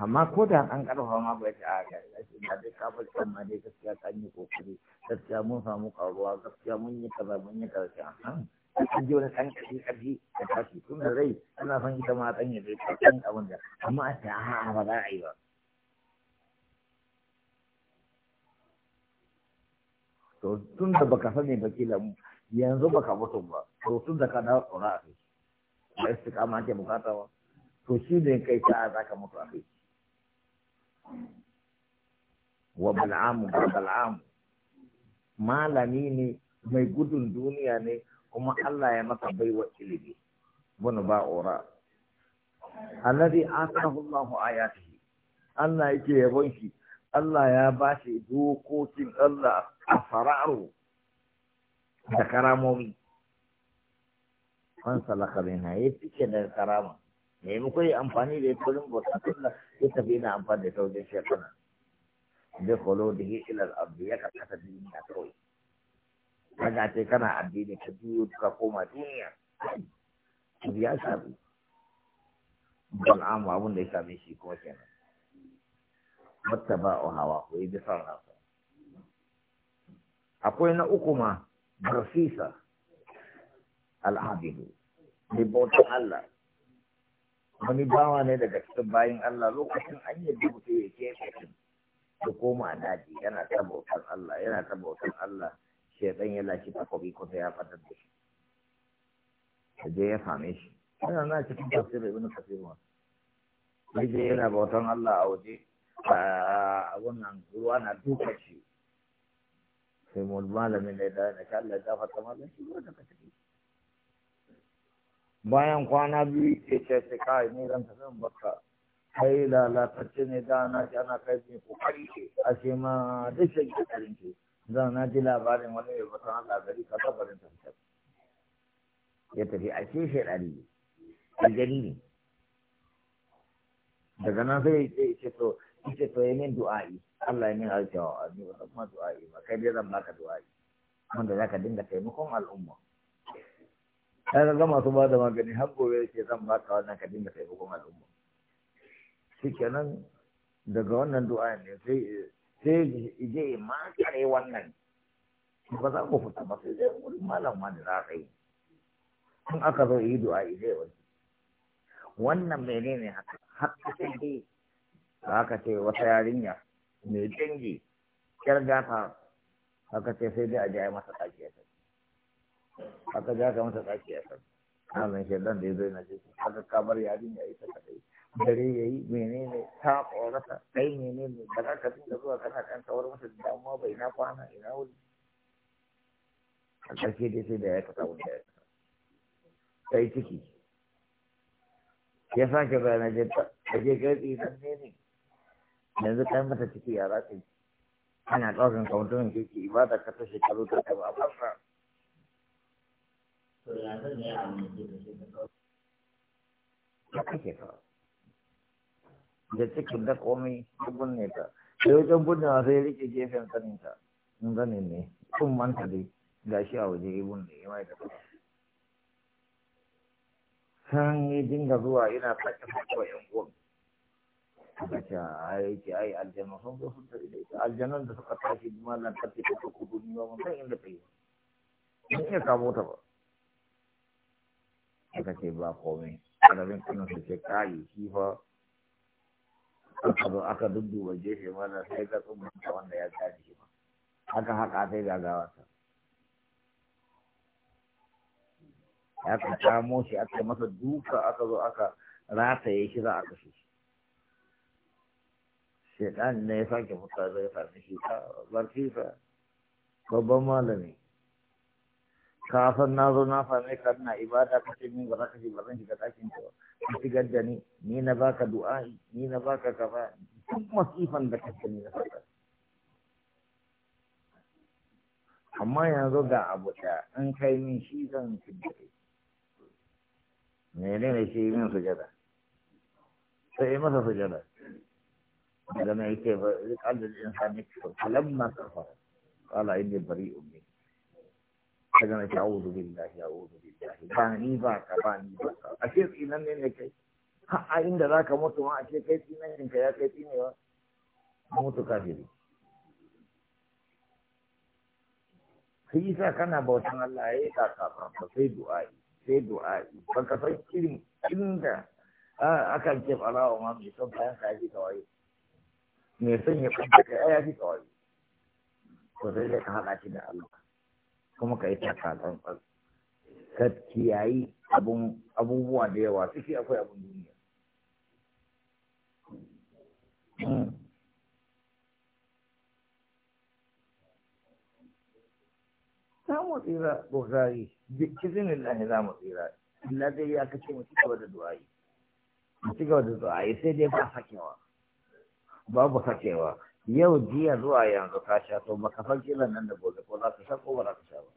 amma ko da an karfafa ma bai ta aka yi da dai kafin fi ma dai gaskiya ka yi kokari gaskiya mun samu karuwa gaskiya mun yi kaza mun yi kaza a an ji wani ɗan ƙarfi ƙarfi da tashi tun da rai ana son ita ma ɗan ya zai ta ɗan abin da amma a ta ba za a yi ba to tun da baka sani ba kila yanzu baka mutu ba to tun da ka dawo tsora a kai ba kama ake bukata ba to shi ne kai ta za ka mutu a kai wa bal'amu ba bal'amu malami ne mai gudun duniya ne kuma Allah ya maka baiwa ilimi wani ba ora alladhi atahu Allahu ayatihi Allah yake yabon shi Allah ya ba shi dokokin Allah a fararo da karamomi. Fansa na ya ke daga karama, maimakon yi amfani da ya turin bauta Allah ya tafi na amfani da taujin shekana. Da kwallo da ya ila abu ya ta duniya kawai. Kaga ce kana addini ka biyo ka koma duniya. Ya shafi. Bal'amu abin da ya same shi kuma kenan. mattaba'u hawa ku yi bisan haka akwai na uku ma barfisa al'abidu mai bautan Allah wani bawa ne daga cikin bayin Allah lokacin an yi dubutu ya ke shi da koma daji yana ta bautan Allah yana ta bautan Allah shaitan ya lashe takobi kusa ya fatar da shi ta je ya same shi yana na cikin tafsirin ibn kasir ma je yana bautan Allah a waje wannan ruwa na duka ce sai mu malamin da da na kalla da fata malam shi wanda ka tafi bayan kwana biyu ce ce sai kai ne zan ta zan baka kai lalatacce ne da na ji ana kai mai kokari ce a ce ma duk shi karin ce zan na ji labarin wani mai fata na gari ka tabarin fita ya tafi a ce shi ɗari ne daga nan sai ya ce to ce to yi min du'a'i Allah ya min aljawa a ni wata kuma du'a'i ba kai dai zan baka du'a'i wanda za ka dinga taimakon al'umma ya ga masu ba da magani har gobe ce zan baka wannan ka dinga taimakon al'umma shikenan daga wannan du'a ne sai sai je ma kare wannan ba za ku fita ba sai zai wuri malam ma da za ka yi in aka zo yi du'a zai wani wannan menene haka haka sai dai aka ce wata yarinya mai dangi kyar gata aka ce sai dai a ji masa tsaki a aka ja ka masa tsaki a kan wannan shaidan da ya zai na ce aka kamar yarinya ita dai dare ya yi menene ta ƙorata? kai menene da za ka dinga zuwa kana kan kawar masa damuwa bai na kwana ina wuri a ƙarshe dai sai da ya kasa wanda ya kasa sai ciki ya sake bayan ajiyar ta ake kai tsinan ne ne yanzu kai mata ciki ya za yi ana ɗaukan ke ke ibada ka ta shekaru ta kai ba fasa ya kake ka da cikin da komai ya bunne ta sai wajen bunnewa sai ya rike gefen sanin ta in zane ne kun manta dai gashi a waje ya binne, ya mai da san ya dinga zuwa yana faɗi faɗi wa 'yan uwan suka ce ai ce ai aljanna sun zo sun tafi da ita aljannan da suka tashi malam ta fita ta kudu ni ba mun san inda ta yi mun iya kamo ta ba suka ce ba komai alamin kunan su ce kayi kifa aka zo aka dudduba jefe mana sai ga tsumman ta wanda ya gane shi ba aka haka sai gagawa ta aka kamo shi aka masa duka aka zo aka rataye shi za a kashe shi shaitan ne ya sake mutuwa zai sami shi ta barci fa babban malami kafin na zo na sami ka na ibada ka ce min ba za ka ce ba zan shiga ɗakin ka ba ka shigar da ni ni na baka du'a ni na baka kafa duk masifan da ka ni na faɗa amma yanzu ga abu ɗaya in kai min shi zan fidda kai menene shi min sujada sai masa sujada daga nan yake ba kallar insani falamma kafara qala inni bari'un min daga nan ya a'udhu billahi a'udhu billahi ba ni ba ka ba ni ba ka ashe tsinan ne ne kai ha a inda ka mutu ma ashe kai tsinan ne kai ya kai tsinewa mutu kafiri sai isa kana bautan Allah ya yi ka ba sai du'a'i sai du'a'i ba ka san irin inda ah, akan ce farawa ma mai son bayan ka ji kawai mai son ya kwanta ka ya fi tsawari to sai dai ka haɗa shi da Allah kuma ka yi takatsan tsal ka kiyayi abubuwa da yawa suke akwai abun duniya hmm. za mu tsira bukari izinin lahi za mu tsira illa dai ya kace mu ci gaba da du'a'i mu ci gaba da yi sai dai ba sakewa babu sakewa yau jiya zuwa yanzu ka sha to baka san kilan nan da gobe ko za ka sha ko ba za ka sha ba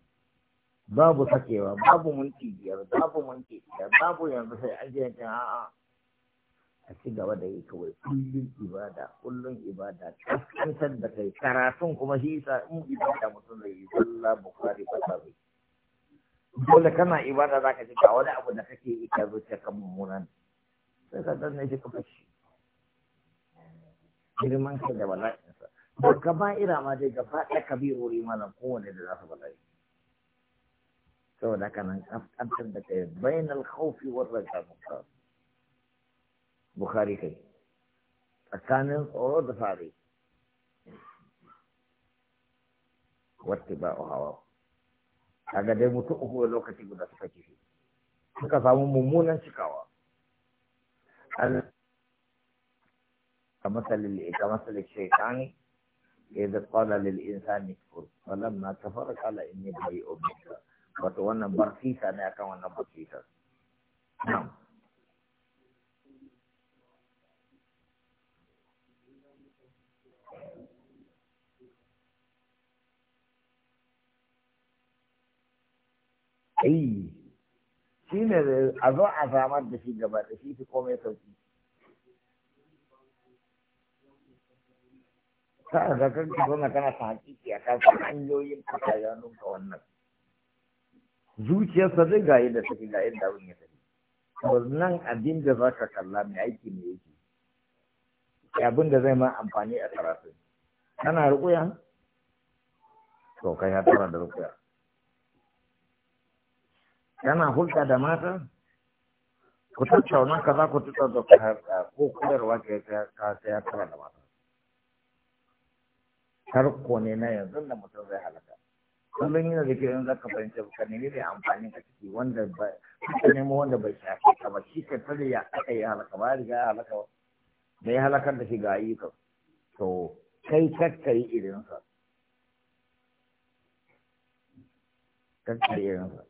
babu sakewa babu minti biyar babu minti biyar babu yanzu sai an jiya ta a'a a ci gaba da yi kawai kullum ibada kullum ibada kaskantar da kai karatun kuma shi yasa in ibada mutum zai yi sallah bukari ba ta dole kana ibada za ka ji ka wani abu da kake yi ka zuciya kan mummunan sai ka danne shi ka fashi girman kai da bala'insa ba gaba ira ma dai gaba ɗaya kabirori malam kowane da za su bala'i saboda haka nan da kai bainal khawfi war raja mukhtar bukhari kai tsakanin tsoro da fare wata ba a hawa kaga dai mutum uku lokaci guda suka kifi suka samu mummunan cikawa Allah كمثل كمثل الشيطان إذا قال للإنسان كفر فلما كفر قال إني بريء منك وتوانا برسيسا ناكا وانا برسيسا نعم ai shi ne a zo a samar da shi gaba da shi fi komai sauki sa'a da kan ka zauna kana sa hakiki a kan hanyoyin fita ya nunka wannan zuciyarsa zai ga yadda take ga yadda abin ya tafi wannan abin da za ka kalla mai aiki ne yake abin da zai ma amfani a karatu kana rukuya to kai ya tara da rukuya kana hulɗa da mata ku tattauna kaza ku tattauna ko koyarwa ke ka ya tara da mata tarko ne na yanzu da mutum zai halaka kullum yana da kiran zaka fahimci ka nemi mai amfani ka ciki wanda ba ka nemo wanda bai shafi ka ba shi ka tare ya aka yi halaka ba riga ya halaka ba da ya halakar da shi ga ayyuka to kai kakka yi irinsa kakka yi irinsa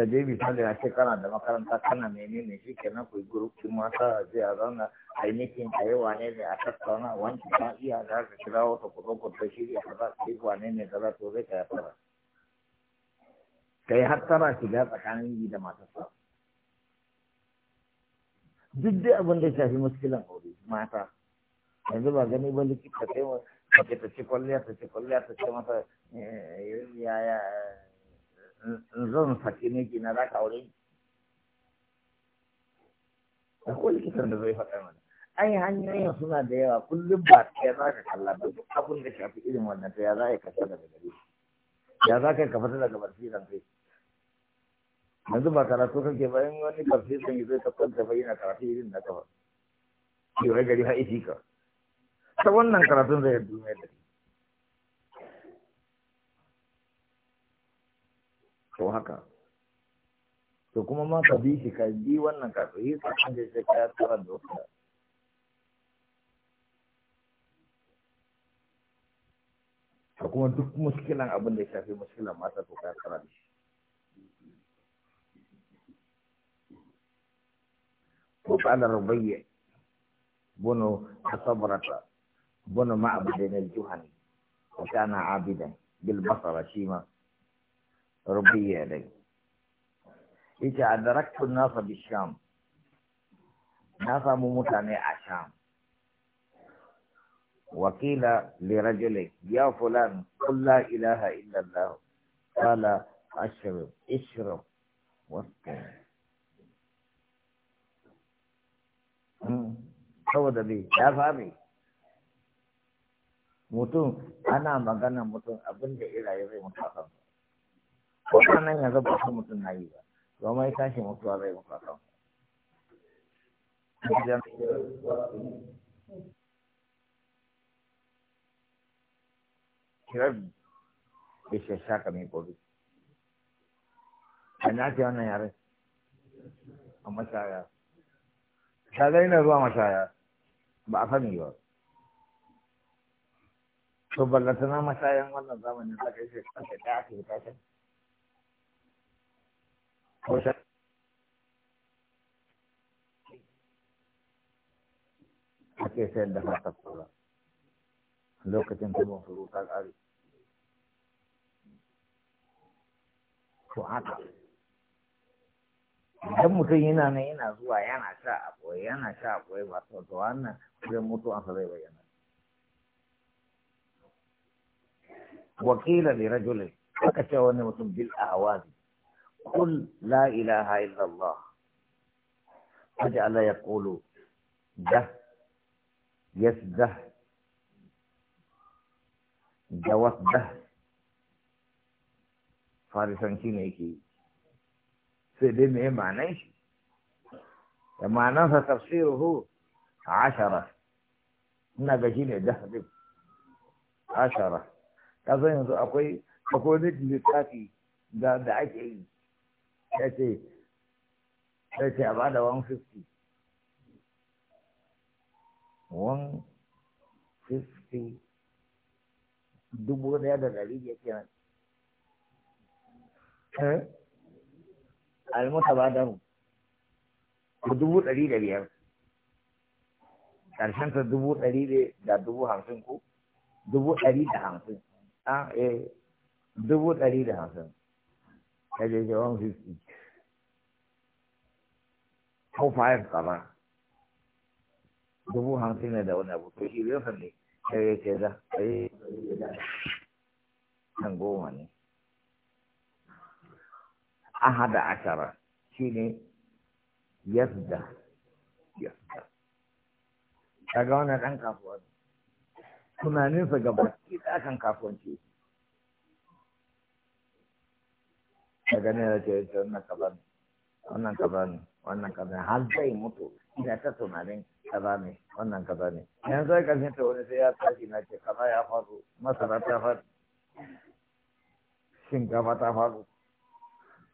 ka je misali a ce kana da makaranta kana menene shi kenan ku group din mata je a zauna a yi mikin a yi wane ne a tattauna wanki ta iya za ka kira wata kuɗin kuɗin shirya ka za ka yi wane ne ka za to zai ka yi fara ka yi hattara shiga tsakanin yi da matarsa duk dai abin da shafi muskilan aure mata yanzu ba gani ba likita sai mace ta ce kwalliya ta ce kwalliya ta ce mata eh, yaya zan saki ne ki na raka aure ni akwai likitan da zai faɗa mana ai hanyoyin suna da yawa kullum ba ta ya za ka kalla ba duk abin da shafi irin wannan ta ya za ka kasa daga gare ya za ka kafa daga barci zan kai yanzu ba karatu kake ba in wani karfi zan yi zai tafiyar da bayyana karatu irin na kafa ki wai gari ha ka ta wannan karatun zai duniya da ke to haka to kuma ma ka bi shi ka bi wannan ka yi sa an je sai ka ya tsara da wata ka kuma duk muskilan abin da ya shafi muskilan mata to ka ya tsara da shi ko ta da rubayya bono kasabarata bono ma abu da ne juhani wa kana abidan bil basara shi ربي yadai a أدركت الناس بالشام ناس na samu mutane a يا wakila قل لا ya fulan الله قال ilaha اشرب واسكن qala saboda mutum ana magana mutum abinda iraye zai mutu ko nan yanzu ba su mutum na yi ba domin ya tashi mutuwa zai mutu a kan kirabi ya shashaka mai kobi a na ce wannan yare a mashaya ta zai na zuwa mashaya ba a sani ba to ballantana mashayan wannan zamanin sakai shekara da ake tashin hausa ake sayar da fatar kura lokacin kuma furu ta ƙare to haka idan mutum yana nan yana zuwa yana sha a ɓoye yana sha a ɓoye ba to to wannan kudin mutuwansa ya bayyana wakila li rajulin aka ce wani mutum bil ahwazi قل لا إله إلا الله فجعل يقول ده يسده جواب ده farisanci ne yake yi sai dai mai ma'anan shi da ma'anansa tafsiruhu a ashara ina ga shi ne jahabin ashara ta zan yanzu akwai akwai wani littafi da ake yi ya ce ya ce a bada 150 dubu daya da dari biyar kenan eh? almuta ba da dubu dari da biyar ƙarshen ta dubu dari da dubu hamsin ku, dubu dari da hamsin a ah, eh dubu dari da hamsin ya je je 150 ko 5 kaza dubu hamsin ne da wani abu to shi zai ne sai ya ce za a yi goma ne ahada ashara shi ne yasda yasda kaga wannan ɗan tunaninsa gaba da kan kasuwanci da ne da ce wannan kaza ne wannan kaza ne wannan kaza ne har zai mutu ina ta tunanin kaza ne wannan kaza ne yanzu sai karshen ta wani sai ya tashi na ce kaza ya faru masara ta faru shinkafa ta faru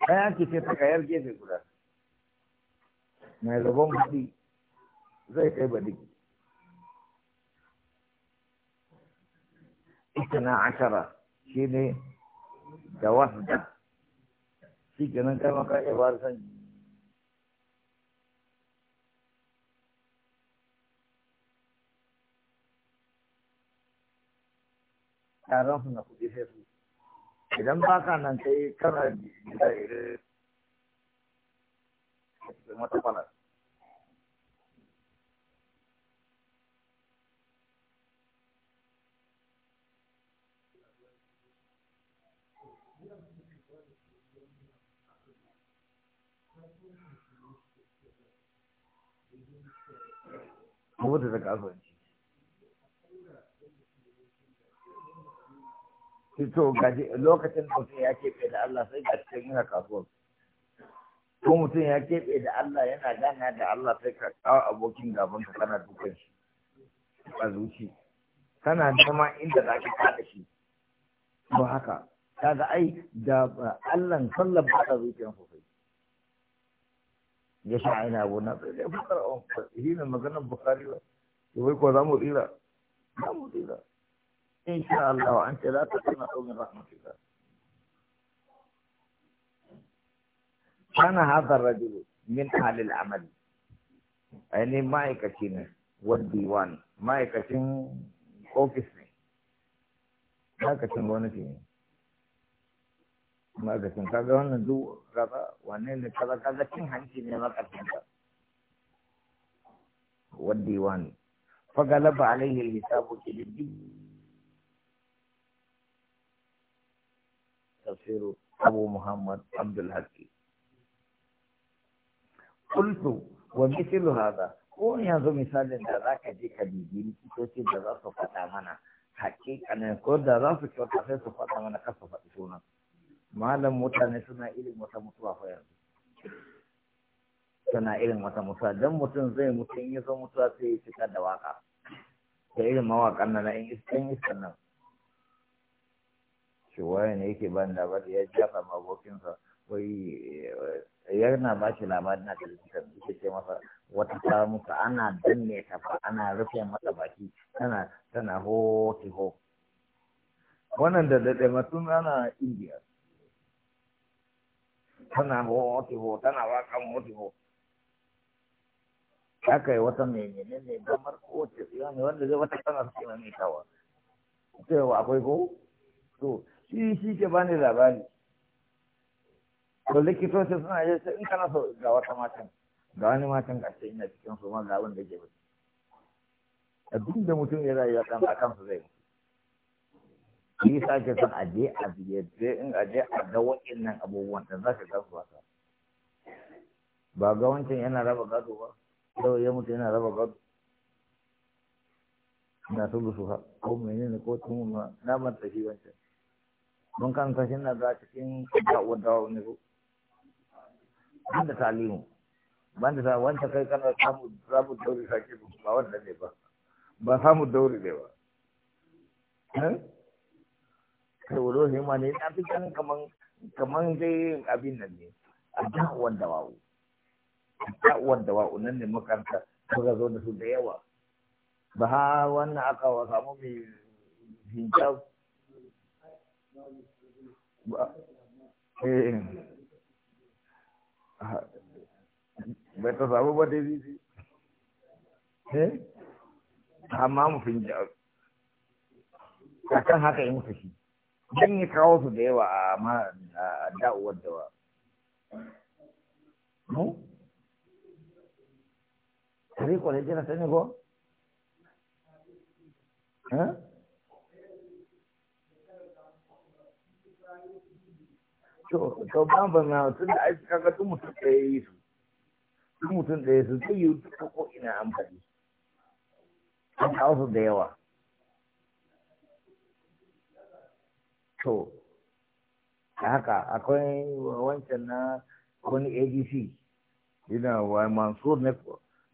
ɗaya ki ce ta kayar gefe guda mai rabon kuɗi zai kai badiki ita na ashara shi ne da wahda shi kenan kai ma ka iya fara sanyi yaran su na kuɗi sai su idan ba ka nan kai kana da mata falas ku mutu daga asibiti to gaji lokacin mutum ya keɓe da Allah sai ga cikin yana kasuwar ko mutum ya keɓe da Allah yana gana da Allah sai ka kawo abokin gaban ka kana dukan shi a zuci kana nema inda za ka kada shi ba haka kaga ai da Allah sallan ba ta zuciyar sosai جسم عين ابو نبيل إيه، بكرة هي من مكان البخاري يقول كذا مريلا ما مريلا إن شاء الله وأنت لا تكن من رحمة الله كان هذا الرجل من أهل العمل يعني ما يكشين والديوان ما يكشين أوكسني ما يكشين بونسين kuma ga cin kaga wannan duk kaga wannan ne kaza kaga cin hanci ne ma karshen ka wadda wani fa galaba alaihi alhisabu Tafsiru abu Muhammad محمد عبد الحكي wa ومثل هذا ko yanzu misalin da za ka je ka bibi likitoci da za su faɗa mana hakika ne ko da za su kyauta sai su faɗa mana kasa faɗi sunan malam mutane suna irin wata mutuwa fa yanzu suna irin wata mutuwa don mutum zai mutum in yaso mutuwa sai ya fitar da waka da irin mawakan nan in iskan iskan nan shi waye ne yake ban labari ya jafa mabokinsa, wai eh, yana ba shi labari na talabijin yake ce masa wata ta mutu ana danne ta fa ana rufe mata baki tana tana ho ti ho wannan da daɗe matun ana indiya tana hotiho tana waƙan hotiho aka yi wata mai ne damar kowace tsiya ne wanda zai wata kana suke mai tawa wa akwai ko to shi shi ke bani labari to likitoci suna yi in kana so ga wata matan ga wani matan ga ina cikin su ma ga wanda ke abin da mutum ya rayu a kan su zai mutu shi sa ke son a je a ziyarce in a je a ga waɗannan abubuwan da za ka ga su haka ba ga wancan yana raba gado ba sau ya mutu yana raba gado na so su ha ko menene ko tun ma na manta shi wancan mun kan tashin na ga cikin da'uwar dawa ne ko banda talimu banda ta wancan kai kana samu rabu dauri sake ba wanda ne ba ba samu dauri ne ba eh? sauro shi ma ne na fi ganin kaman kaman dai abin nan ne a da'uwan a da'uwan dawa'u nan ne makaranta ga zo da su da yawa ba ha wannan aka wa samu mai hinta eh. ba ta samu ba dai zizi eh amma mu finjab akan haka yi musu shi don yi kawo su da yawa a da'uwar da wa. mu tare kwalle jira ta ne ko to to ba ba na tun da aiki kaga tun mutum ɗaya yi su tun mutum ɗaya su zai yi duka ko ina amfani an kawo su da yawa to haka akwai wancan na wani adc yana wa mansur ne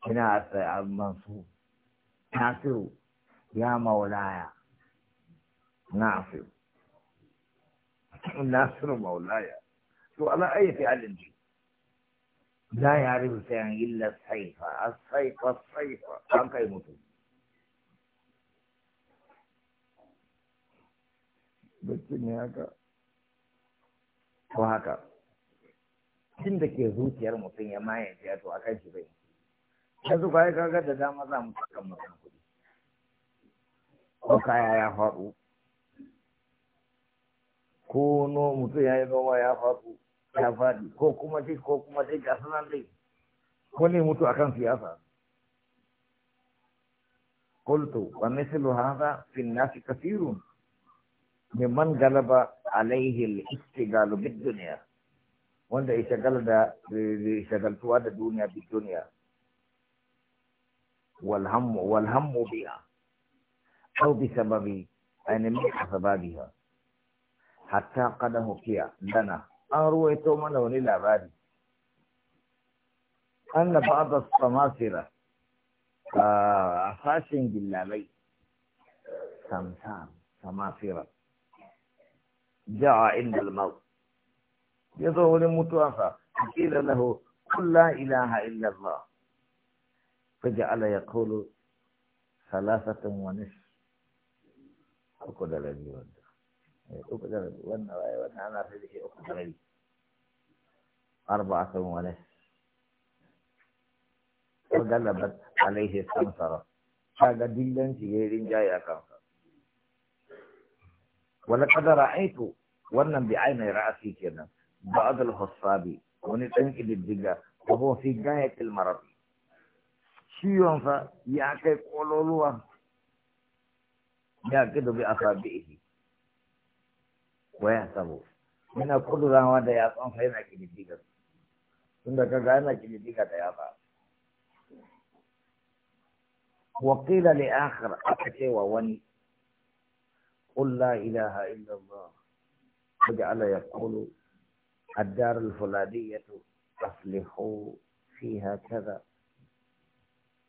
yana a mansur nasiru ya maulaya nasiru nasiru maulaya to ala ayyati alinji la ya rubu sayan illa saifa as saifa saifa an kai mutum bacci ne haka ko haka tun da ke zuciyar mutum ya maye ya to akan shi bai yanzu kwaye kaga da dama za mu kakan mutum kuɗi ko kaya ya faɗo ko no mutum ya yi noma ya faɗo ya faɗi ko kuma dai ko kuma dai ga sanan dai ko ne mutu akan siyasa قلت ومثل هذا في الناس كثير ممن غلب عليه الاشتغال بالدنيا وند اشتغل دا اشتغل توا دا دنيا بالدنيا والهم والهم بها او بسبب ان من اسبابها حتى قد هكيا لنا اروي تو من ولي لابادي ان بعض السماسره اساسين آه، باللابي سمسام سماسره جاء عند الموت يدعو للمتوفى قيل له قل لا اله الا الله فجعل يقول ثلاثة ونصف أقول الذي يود أقول الذي يود وأنا أنا في أربعة ونصف وقلبت عليه السمسرة هذا دلن في يرين جاي أكامسا wala kadara aitu wannan bi aina ra'asi kenan ba'd al-husabi wani dan kididdiga ko ho fi gayatil marad ciwon fa ya kai kololuwa ya kidu bi asabihi wa sabo. Ina yana kudurawa da yatsun fa yana kididdiga tunda kaga yana kididdiga da yatsa وقيل لآخر wa wani. قل لا إله إلا الله وجعل يقول الدار الفلانية أصلحوا فيها كذا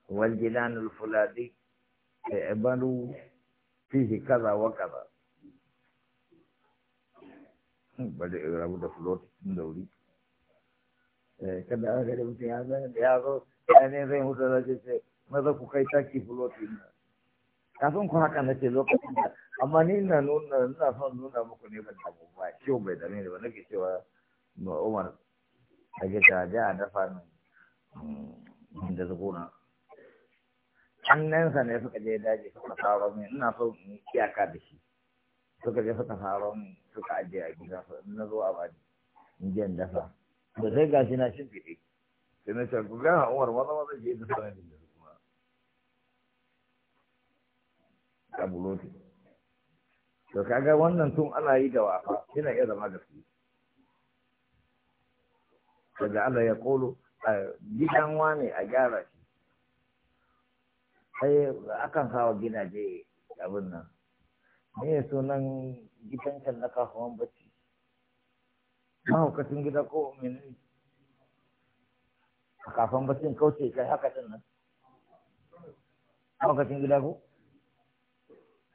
والجنان الفلاني اعملوا فيه كذا وكذا بدأ يقرأوا دفلوت من دوري kada aka da mutum ya zai da ya zo ya ne zai hutu kafin ku haka ce lokacin da amma ni ina nuna ina son nuna muku ne ban damu ba ciwo bai da ni ba nake cewa ma Umar a je ta je a dafa min mm, da zagona annansa ne suka je daji suka faro min ina so in iyaka da shi suka je suka faro min suka aje a gida na zo a ba in je in dafa da sai gashi na shimfiɗe sai na ce ku ga Umar maza maza je da sanin a buloti to kaga wannan tun ana yi da wafa yana iya zama da su daga ana ya kolo a gidan wane a gyara shi sai akan kawo gidaje abin nan me nan gidan can na kafin bacci mahaukacin gida ko menene a kafin baccin kauce kai haka din nan mahaukacin gida ko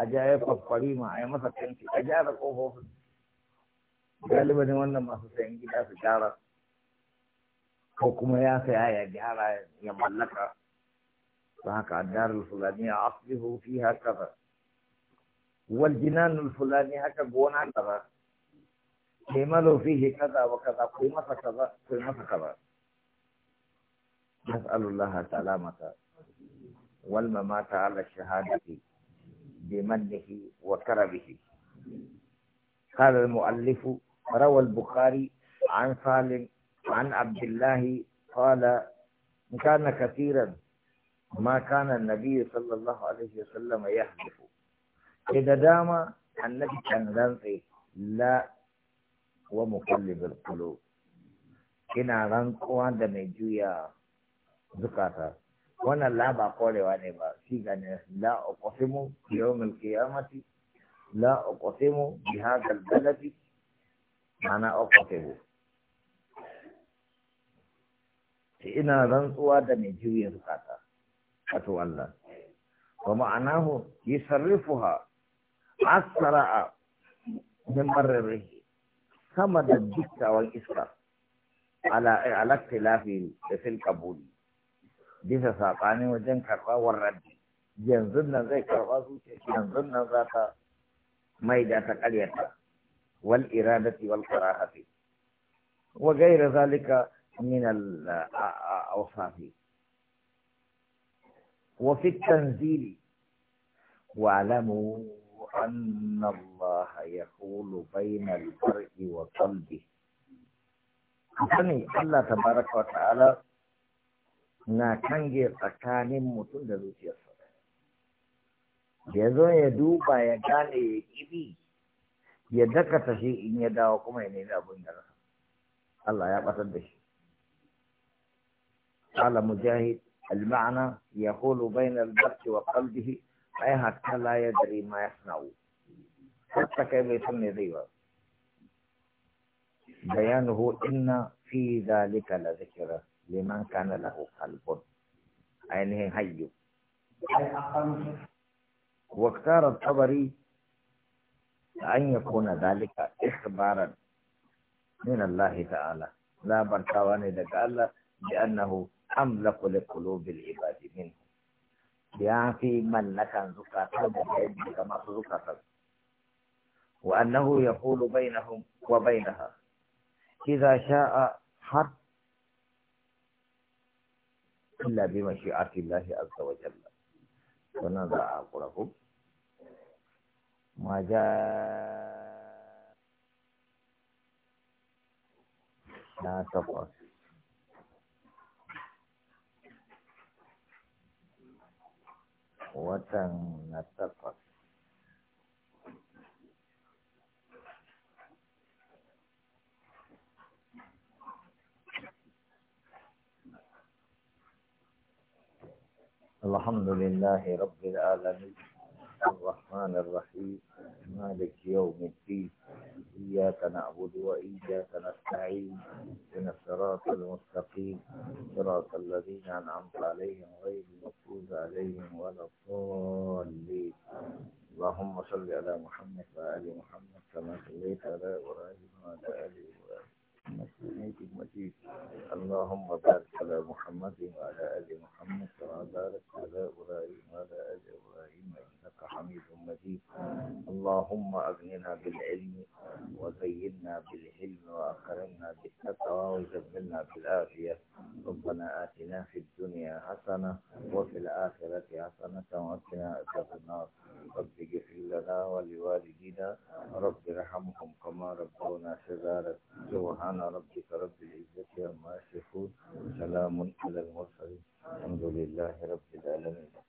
a ja ya kwakwari ma a yi masa fenti a gyara ƙofofin galibin wannan masu sayan gida su gyara ko kuma ya saya ya gyara ya mallaka don haka addarar fulani a aslihu fi haka ba wal jinanul fulani haka gona kaza kemalo fihi kaza wa kaza kai masa kaza kai masa kaza nas'alullaha salamata wal mamata ala shahadati بمنه وكرمه قال المؤلف روى البخاري عن سالم عن عبد الله قال كان كثيرا ما كان النبي صلى الله عليه وسلم يحذف إذا دام النبي كان رنطي لا ومقلب القلوب كنا rantsuwa da mai juya wannan la ba korewa ne ba shi gane la uqsimu bi yawmil qiyamati la uqsimu bi hadha baladi ana uqsimu ina rantsuwa da mai juya zukata wato Allah wa ma'anahu yusarrifuha asra'a min marrihi sama da dukkan iska ala ala da fil qabuli bisa saɓanin wajen karɓa warraddi yanzu nan zai karɓa zuciya yanzu nan za ta mai da ta ƙaryata wal iradati wal karahati wa gaira zalika min al awsafi wa fi tanzili wa alamu an Allah yaqulu bayna al wa qalbihi sani Allah tabaraka wa ta'ala na kan kange tsakanin mutum da zuciyarsa ya zo ya duba ya gane ya kibi ya daka ta in ya dawo kuma ya nemi abin da na Allah ya batar da shi al mujahid al-ma'ana ya kolo bayanar darci wa kalbihi ai hatta la ya dare ma ya sanawo kasta kai mai sun ne zai ba bayanu ho ina fi zalika la liman kana lahu qalbun ainihin hayyu واختار الطبري أن يكون ذلك إخبارا من الله تعالى لا بركواني دك الله بأنه أملك لقلوب العباد منه يا في من لك زكاة كما زكاة وأنه يقول بينهم وبينها إذا شاء حتى illa bi mashi'ati Allah azza wa jalla wannan za a hakura na takwas watan na takwas الحمد لله رب العالمين الرحمن الرحيم مالك يوم الدين إياك نعبد وإياك نستعين من الصراط المستقيم صراط الذين أنعمت عليهم غير المغضوب عليهم ولا الضالين اللهم صل على محمد وآل محمد كما صليت على إبراهيم وعلى آل إبراهيم اللهم بارك على محمد وعلى آل محمد كما باركت على إبراهيم وعلى آل إبراهيم إنك حميد مجيد اللهم أغننا بالعلم وزينا بالعلم وأكرمنا بالتقوى وجملنا بالعافية ربنا آتنا في الدنيا حسنة وفي الآخرة حسنة وقنا عذاب النار رب اغفر لنا ولوالدينا رب ارحمهم كما ربونا صغارا سبحان سبحان ربك رب العزة عما يصفون سلام على المرسلين الحمد لله رب العالمين